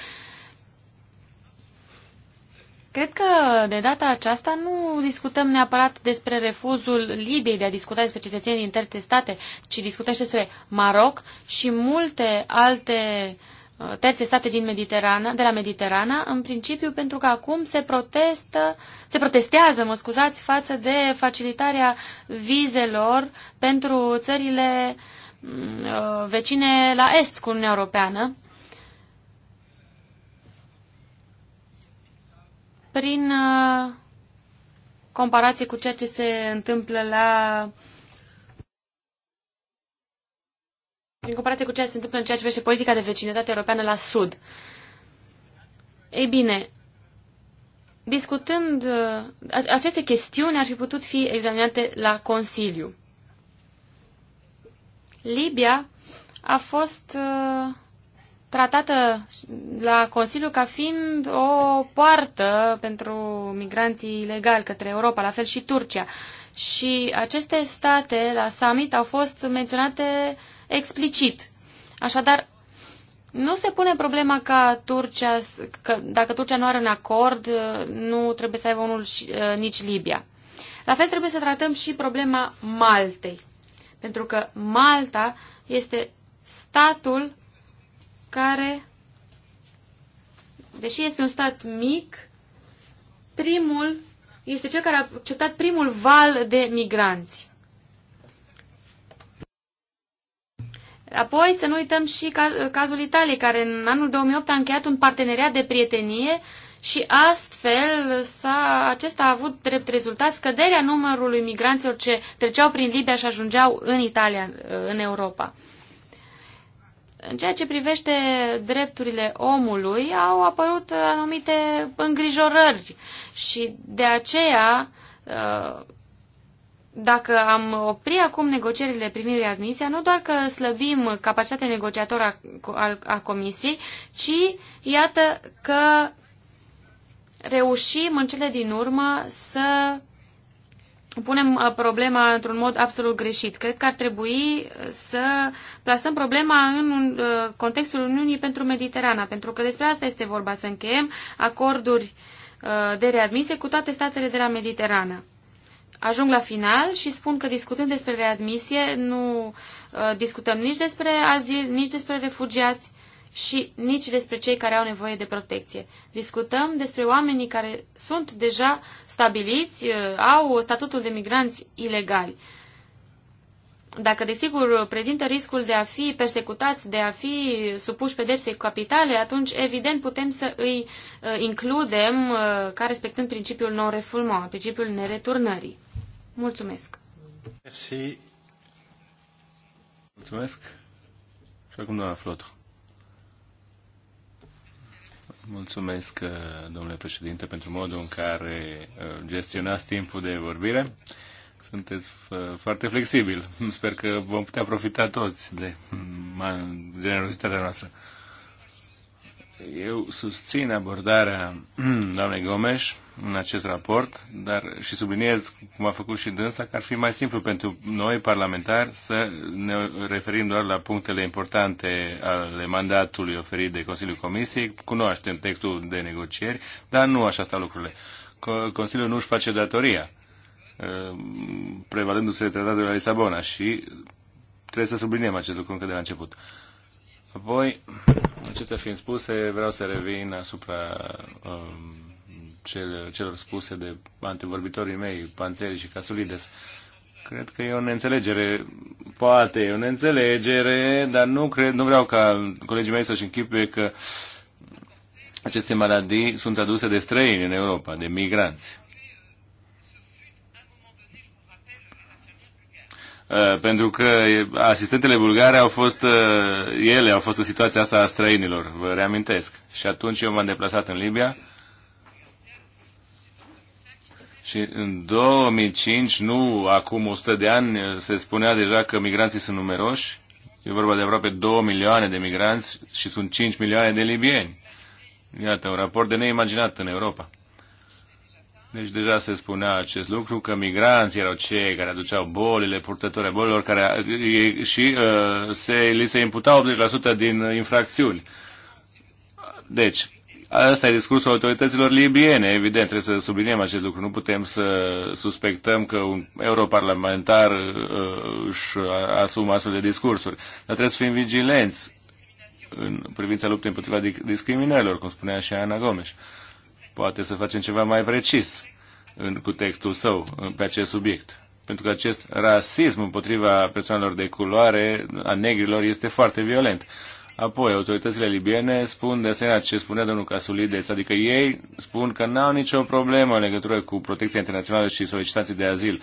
Cred că de data aceasta nu discutăm neapărat despre refuzul Libiei de a discuta despre cetățenii din terte state, ci discutăm și despre Maroc și multe alte uh, Uh, terțe state din Mediterana, de la Mediterana, în principiu pentru că acum se protestă, se protestează, mă scuzați, față de facilitarea vizelor pentru țările mm, uh, vecine la est cu Uniunea Europeană. Prin uh, comparație cu ceea ce se întâmplă la uh, în comparație cu ceea ce se întâmplă în ceea ce privește politica de vecinătate europeană la sud. Ei bine, discutând uh, aceste chestiuni ar fi putut fi examinate la Consiliu. Libia a fost uh, tratată la Consiliu ca fiind o poartă pentru migranții ilegali către Europa, la fel și Turcia și aceste state la summit au fost menționate explicit. Așadar, nu se pune problema ca Turcia, că dacă Turcia nu are un acord, nu trebuie să aibă unul și, nici Libia. La fel trebuie să tratăm și problema Maltei, pentru că Malta este statul care, deși este un stat mic, primul este cel care a acceptat primul val de migranți. Apoi să nu uităm și cazul Italiei, care în anul 2008 a încheiat un parteneriat de prietenie și astfel a acesta a avut drept rezultat scăderea numărului migranților ce treceau prin Libia și ajungeau în Italia, în Europa. În ceea ce privește drepturile omului, au apărut anumite îngrijorări și de aceea, uh, dacă am opri acum negocierile privind admisia, nu doar că slăbim capacitatea negociatoră a, a comisiei, ci iată că reușim în cele din urmă să punem uh, problema într-un mod absolut greșit. Cred că ar trebui uh, să plasăm problema în contextul Uniunii pentru Mediterana, pentru că despre asta este vorba, să încheiem acorduri uh, de readmisie cu toate statele de la Mediterană. Ajung la final și spun că discutând despre readmisie, nu uh, discutăm nici despre azil, nici despre refugiați și nici despre cei care au nevoie de protecție. Discutăm despre oamenii care sunt deja stabiliți, uh, au statutul de migranți ilegali dacă desigur prezintă riscul de a fi persecutați, de a fi supuși pedepsei capitale, atunci evident putem să îi uh, includem uh, ca respectând principiul non refulmă principiul nereturnării. Mulțumesc! Merci. Mulțumesc! Și acum doamna Flotru. Mulțumesc, uh, domnule președinte, pentru modul în care gestionați timpul de vorbire sunteți foarte flexibil. (laughs) Sper că vom putea profita toți de mm, generozitatea noastră. Eu susțin abordarea mm, doamnei Gomes în acest raport, dar și subliniez, cum a făcut și dânsa, că ar fi mai simplu pentru noi, parlamentari, să ne referim doar la punctele importante ale mandatului oferit de Consiliul Comisiei. Cunoaștem textul de negocieri, dar nu așa stau lucrurile. Consiliul nu își face datoria Uh, prevalându-se tratatul de la Lisabona și trebuie să subliniem acest lucru încă de la început. Apoi, acestea fiind spuse, vreau să revin asupra um, cel, celor spuse de antevorbitorii mei, Panțeri și Casulides. Cred că e o neînțelegere, poate e o neînțelegere, dar nu, cred, nu vreau ca colegii mei să-și închipe că aceste maladii sunt aduse de străini în Europa, de migranți. Uh, pentru că asistentele bulgare au fost, uh, ele au fost în situația asta a străinilor, vă reamintesc. Și atunci eu m-am deplasat în Libia și în 2005, nu acum 100 de ani, se spunea deja că migranții sunt numeroși. E vorba de aproape 2 milioane de migranți și sunt 5 milioane de libieni. Iată, un raport de neimaginat în Europa. Deci deja se spunea acest lucru, că migranții erau cei care aduceau bolile, purtători bolilor, care, și uh, se, li se imputa 80% din infracțiuni. Deci, Asta e discursul autorităților libiene, evident, trebuie să subliniem acest lucru. Nu putem să suspectăm că un europarlamentar își asumă astfel de discursuri. Dar trebuie să fim vigilenți în privința luptei împotriva discriminărilor, cum spunea și Ana Gomes poate să facem ceva mai precis în, cu textul său pe acest subiect. Pentru că acest rasism împotriva persoanelor de culoare, a negrilor, este foarte violent. Apoi, autoritățile libiene spun de asemenea ce spunea domnul Casulideț, adică ei spun că n-au nicio problemă în legătură cu protecția internațională și solicitanții de azil.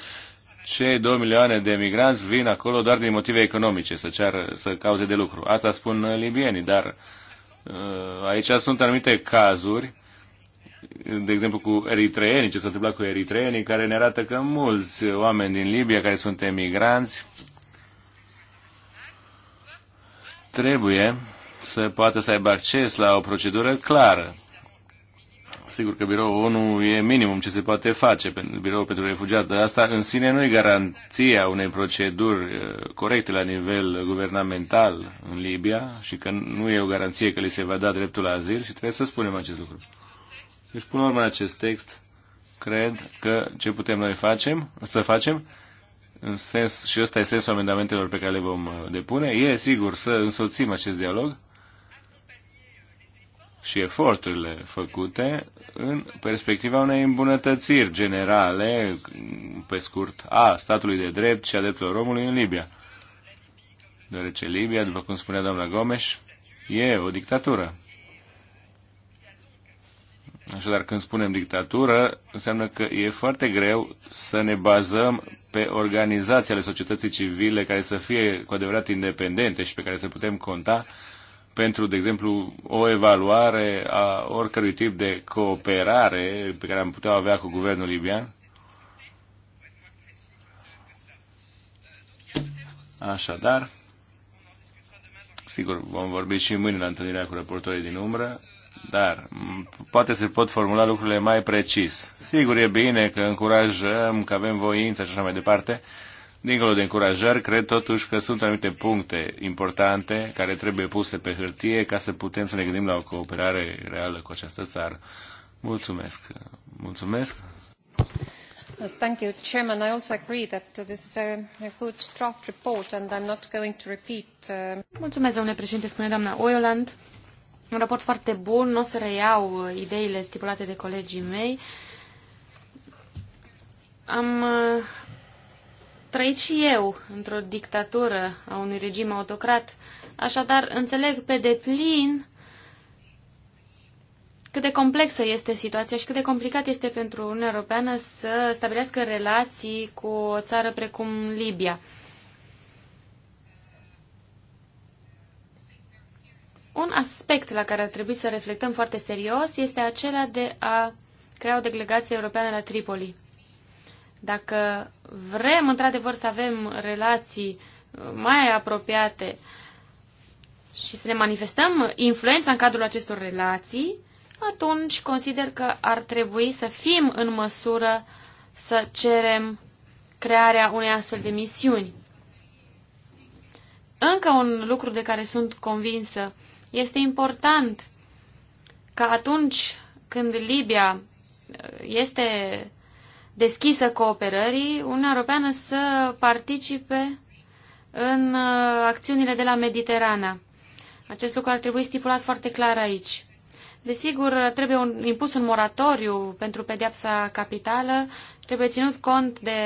Cei 2 milioane de migranți vin acolo doar din motive economice, să, ceară, să caute de lucru. Asta spun libienii, dar uh, aici sunt anumite cazuri de exemplu, cu eritreenii, ce s-a întâmplat cu eritreenii, care ne arată că mulți oameni din Libia care sunt emigranți trebuie să poată să aibă acces la o procedură clară. Sigur că biroul ONU e minimum ce se poate face pentru biroul pentru refugiat, dar asta în sine nu e garanția unei proceduri uh, corecte la nivel guvernamental în Libia și că nu e o garanție că li se va da dreptul la azil și trebuie să spunem acest lucru. Deci, până la urmă, în acest text, cred că ce putem noi facem, să facem, în sens, și ăsta e sensul amendamentelor pe care le vom uh, depune, e sigur să însoțim acest dialog și eforturile făcute în perspectiva unei îmbunătățiri generale, pe scurt, a statului de drept și a drepturilor omului în Libia. Deoarece Libia, după cum spunea doamna Gomes, e o dictatură. Așadar, când spunem dictatură, înseamnă că e foarte greu să ne bazăm pe organizațiile societății civile care să fie cu adevărat independente și pe care să putem conta pentru, de exemplu, o evaluare a oricărui tip de cooperare pe care am putea avea cu guvernul libian? Așadar, sigur, vom vorbi și mâine la întâlnirea cu raportorii din umbră dar poate se pot formula lucrurile mai precis. Sigur, e bine că încurajăm, că avem voință și așa mai departe. Dincolo de încurajări, cred totuși că sunt anumite puncte importante care trebuie puse pe hârtie ca să putem să ne gândim la o cooperare reală cu această țară. Mulțumesc. Mulțumesc. Thank you, Chairman. I also agree that this is a good draft report and I'm not going to repeat. Uh... Mulțumesc, domnule președinte, spune doamna Oioland. Un raport foarte bun, nu o să reiau uh, ideile stipulate de colegii mei. Am uh, trăit și eu într-o dictatură a unui regim autocrat, așadar înțeleg pe deplin cât de complexă este situația și cât de complicat este pentru Uniunea Europeană să stabilească relații cu o țară precum Libia. Un aspect la care ar trebui să reflectăm foarte serios este acela de a crea o delegație europeană la Tripoli. Dacă vrem, într-adevăr, să avem relații uh, mai apropiate și să ne manifestăm influența în cadrul acestor relații, atunci consider că ar trebui să fim în măsură să cerem crearea unei astfel de misiuni. Încă un lucru de care sunt convinsă este important ca atunci când Libia uh, este deschisă cooperării, Uniunea Europeană să participe în uh, acțiunile de la Mediterana. Acest lucru ar trebui stipulat foarte clar aici. Desigur, trebuie un, impus un moratoriu pentru pedeapsa capitală, trebuie ținut cont de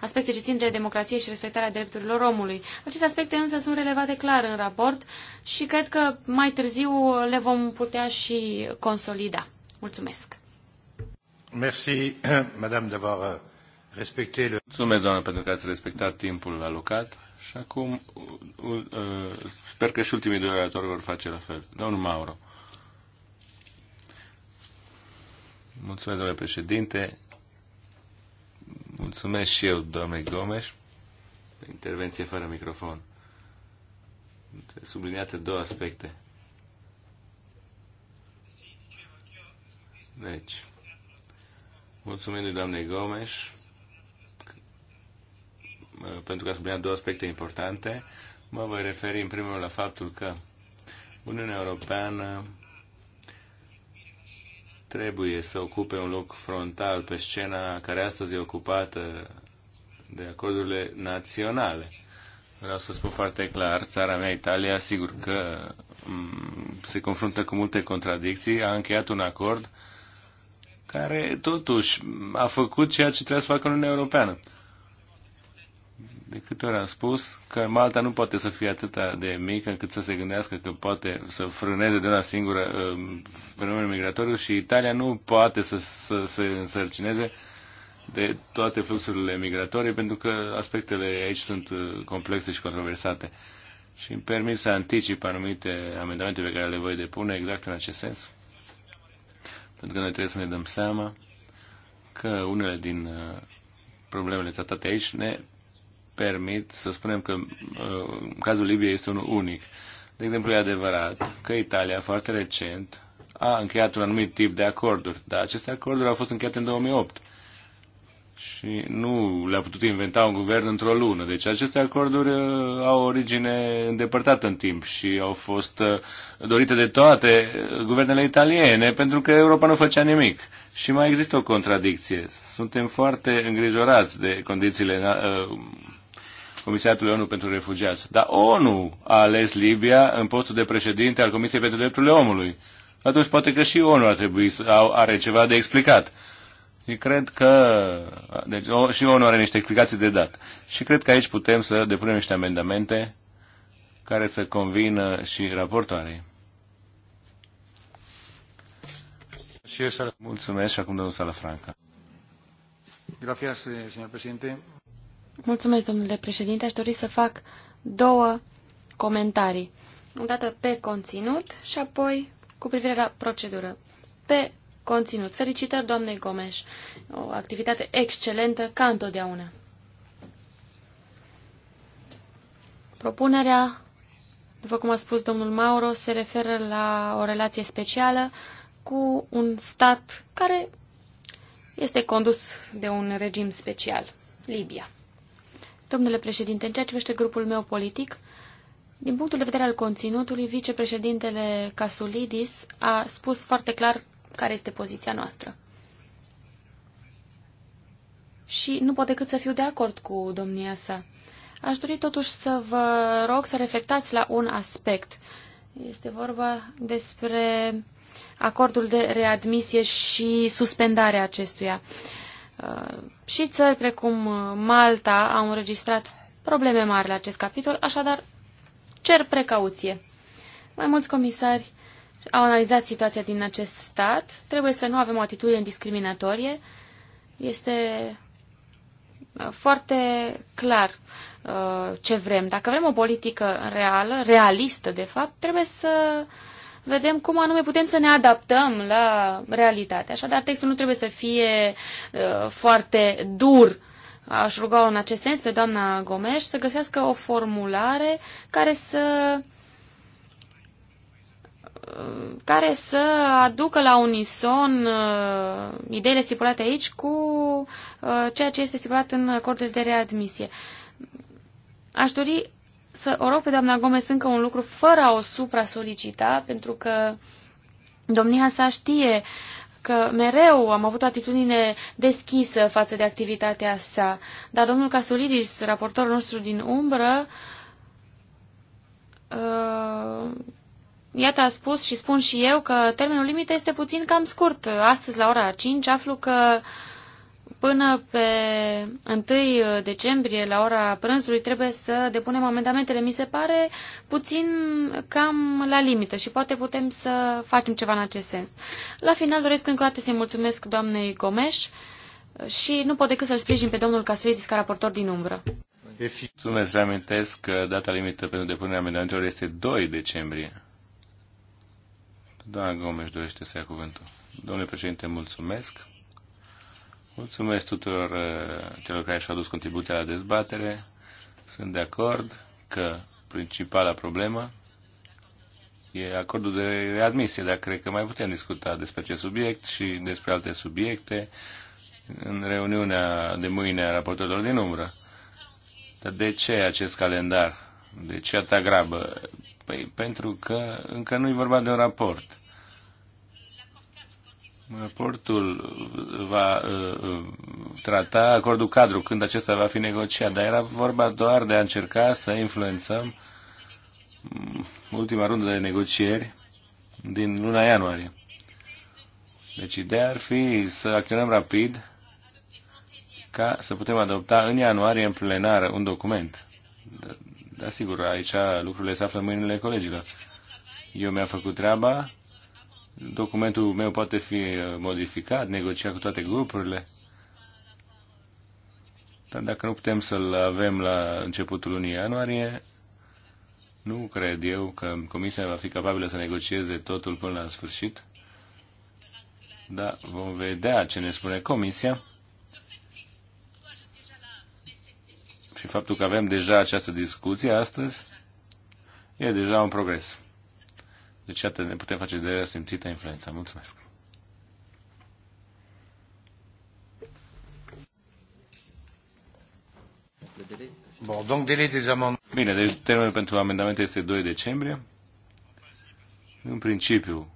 aspecte ce țin de democrație și respectarea drepturilor omului. Aceste aspecte însă sunt relevate clar în raport, și cred că mai târziu le vom putea și consolida. Mulțumesc! Merci, (clears throat) madame, d'avoir euh, respecté le... Mulțumesc, doamnă, pentru că ați respectat timpul alocat. Și acum uh, sper că și ultimii doi oratori vor face la fel. Domnul Mauro. Mulțumesc, domnule președinte. Mulțumesc și eu, doamnei Gomes, intervenție fără microfon subliniate două aspecte. Deci, mulțumim lui doamnei Gomes pentru că a subliniat două aspecte importante. Mă voi referi în primul la faptul că Uniunea Europeană trebuie să ocupe un loc frontal pe scena care astăzi e ocupată de acordurile naționale. Vreau să spun foarte clar, țara mea, Italia, sigur că mm, se confruntă cu multe contradicții, a încheiat un acord care totuși a făcut ceea ce trebuia să facă Uniunea Europeană. De câte ori am spus că Malta nu poate să fie atât de mică încât să se gândească că poate să frâneze de una singură uh, fenomenul migratoriu și Italia nu poate să, să se însărcineze de toate fluxurile migratorii, pentru că aspectele aici sunt uh, complexe și controversate. Și îmi permit să anticip anumite amendamente pe care le voi depune exact în acest sens, pentru că noi trebuie să ne dăm seama că unele din uh, problemele tratate aici ne permit să spunem că în uh, cazul Libiei este unul unic. De exemplu, e adevărat că Italia foarte recent a încheiat un anumit tip de acorduri, dar aceste acorduri au fost încheiate în 2008 și nu le-a putut inventa un guvern într-o lună. Deci aceste acorduri uh, au origine îndepărtată în timp și au fost uh, dorite de toate uh, guvernele italiene pentru că Europa nu făcea nimic. Și mai există o contradicție. Suntem foarte îngrijorați de condițiile Comisiatului ONU pentru Refugiați. Dar ONU a ales Libia în postul de președinte al Comisiei pentru Drepturile Omului. Atunci poate că și ONU ar trebui să are ceva de explicat. Și cred că, deci o, și ONU are niște explicații de dat. Și cred că aici putem să depunem niște amendamente care să convină și raportoarei. Mulțumesc și acum domnul Franca. Gracias, señor președinte. Mulțumesc, domnule președinte. Aș dori să fac două comentarii. Odată dată pe conținut și apoi cu privire la procedură. Pe conținut. Felicitări doamnei Gomes, o activitate excelentă ca întotdeauna. Propunerea, după cum a spus domnul Mauro, se referă la o relație specială cu un stat care este condus de un regim special, Libia. Domnule președinte, în ceea ce vește grupul meu politic, din punctul de vedere al conținutului, vicepreședintele Casulidis a spus foarte clar care este poziția noastră. Și nu pot decât să fiu de acord cu domnia sa. Aș dori totuși să vă rog să reflectați la un aspect. Este vorba despre acordul de readmisie și suspendarea acestuia. Uh, și țări precum Malta au înregistrat probleme mari la acest capitol, așadar cer precauție. Mai mulți comisari au analizat situația din acest stat. Trebuie să nu avem o atitudine discriminatorie. Este uh, foarte clar uh, ce vrem. Dacă vrem o politică reală, realistă, de fapt, trebuie să vedem cum anume putem să ne adaptăm la realitate. Așadar, textul nu trebuie să fie uh, foarte dur. Aș ruga în acest sens pe doamna Gomes să găsească o formulare care să care să aducă la unison uh, ideile stipulate aici cu uh, ceea ce este stipulat în acordul de readmisie. Aș dori să o rog pe doamna Gomez încă un lucru fără a o supra-solicita, pentru că domnia sa știe că mereu am avut o atitudine deschisă față de activitatea sa. Dar domnul Casolidis, raportorul nostru din umbră, uh, Iată, a spus și spun și eu că termenul limită este puțin cam scurt. Astăzi, la ora 5, aflu că până pe 1 decembrie, la ora prânzului, trebuie să depunem amendamentele. Mi se pare puțin cam la limită și poate putem să facem ceva în acest sens. La final, doresc încă o dată să-i mulțumesc doamnei Gomes și nu pot decât să-l sprijin pe domnul Casuridis ca raportor din umbră. Mulțumesc, reamintesc că data limită pentru depunerea amendamentelor este 2 decembrie. Doamna Gomes dorește să ia cuvântul. Domnule președinte, mulțumesc. Mulțumesc tuturor eh, celor care și-au adus contribuția la dezbatere. Sunt de acord că principala problemă e acordul de readmisie, dar cred că mai putem discuta despre acest subiect și despre alte subiecte în reuniunea de mâine a raportorilor din umbră. Dar de ce acest calendar? De ce atâta grabă? Păi pentru că încă nu e vorba de un raport. Raportul va uh, uh, trata acordul cadru când acesta va fi negociat, dar era vorba doar de a încerca să influențăm mm, ultima rundă de negocieri din luna ianuarie. Deci ideea ar fi să acționăm rapid ca să putem adopta în ianuarie în plenară un document. Da, sigur, aici lucrurile se află în mâinile colegilor. Eu mi-am făcut treaba, Documentul meu poate fi uh, modificat, negociat cu toate grupurile. Dar dacă nu putem să-l avem la începutul lunii ianuarie, nu cred eu că Comisia va fi capabilă să negocieze totul până la sfârșit. Dar vom vedea ce ne spune Comisia. Și faptul că avem deja această discuție astăzi e deja un progres. Deci, iată, ne putem face de simțită influența. Mulțumesc! Bine, deci termenul pentru amendamente este 2 decembrie. În principiu,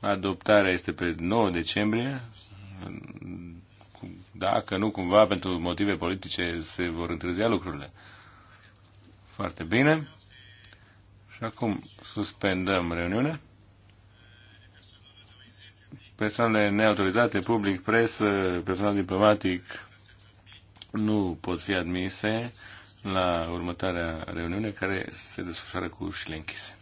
adoptarea este pe 9 decembrie. Dacă nu, cumva, pentru motive politice se vor întârzia lucrurile. Foarte bine. Și acum suspendăm reuniunea. Persoanele neautorizate, public, presă, personal diplomatic nu pot fi admise la următoarea reuniune care se desfășoară cu ușile închise.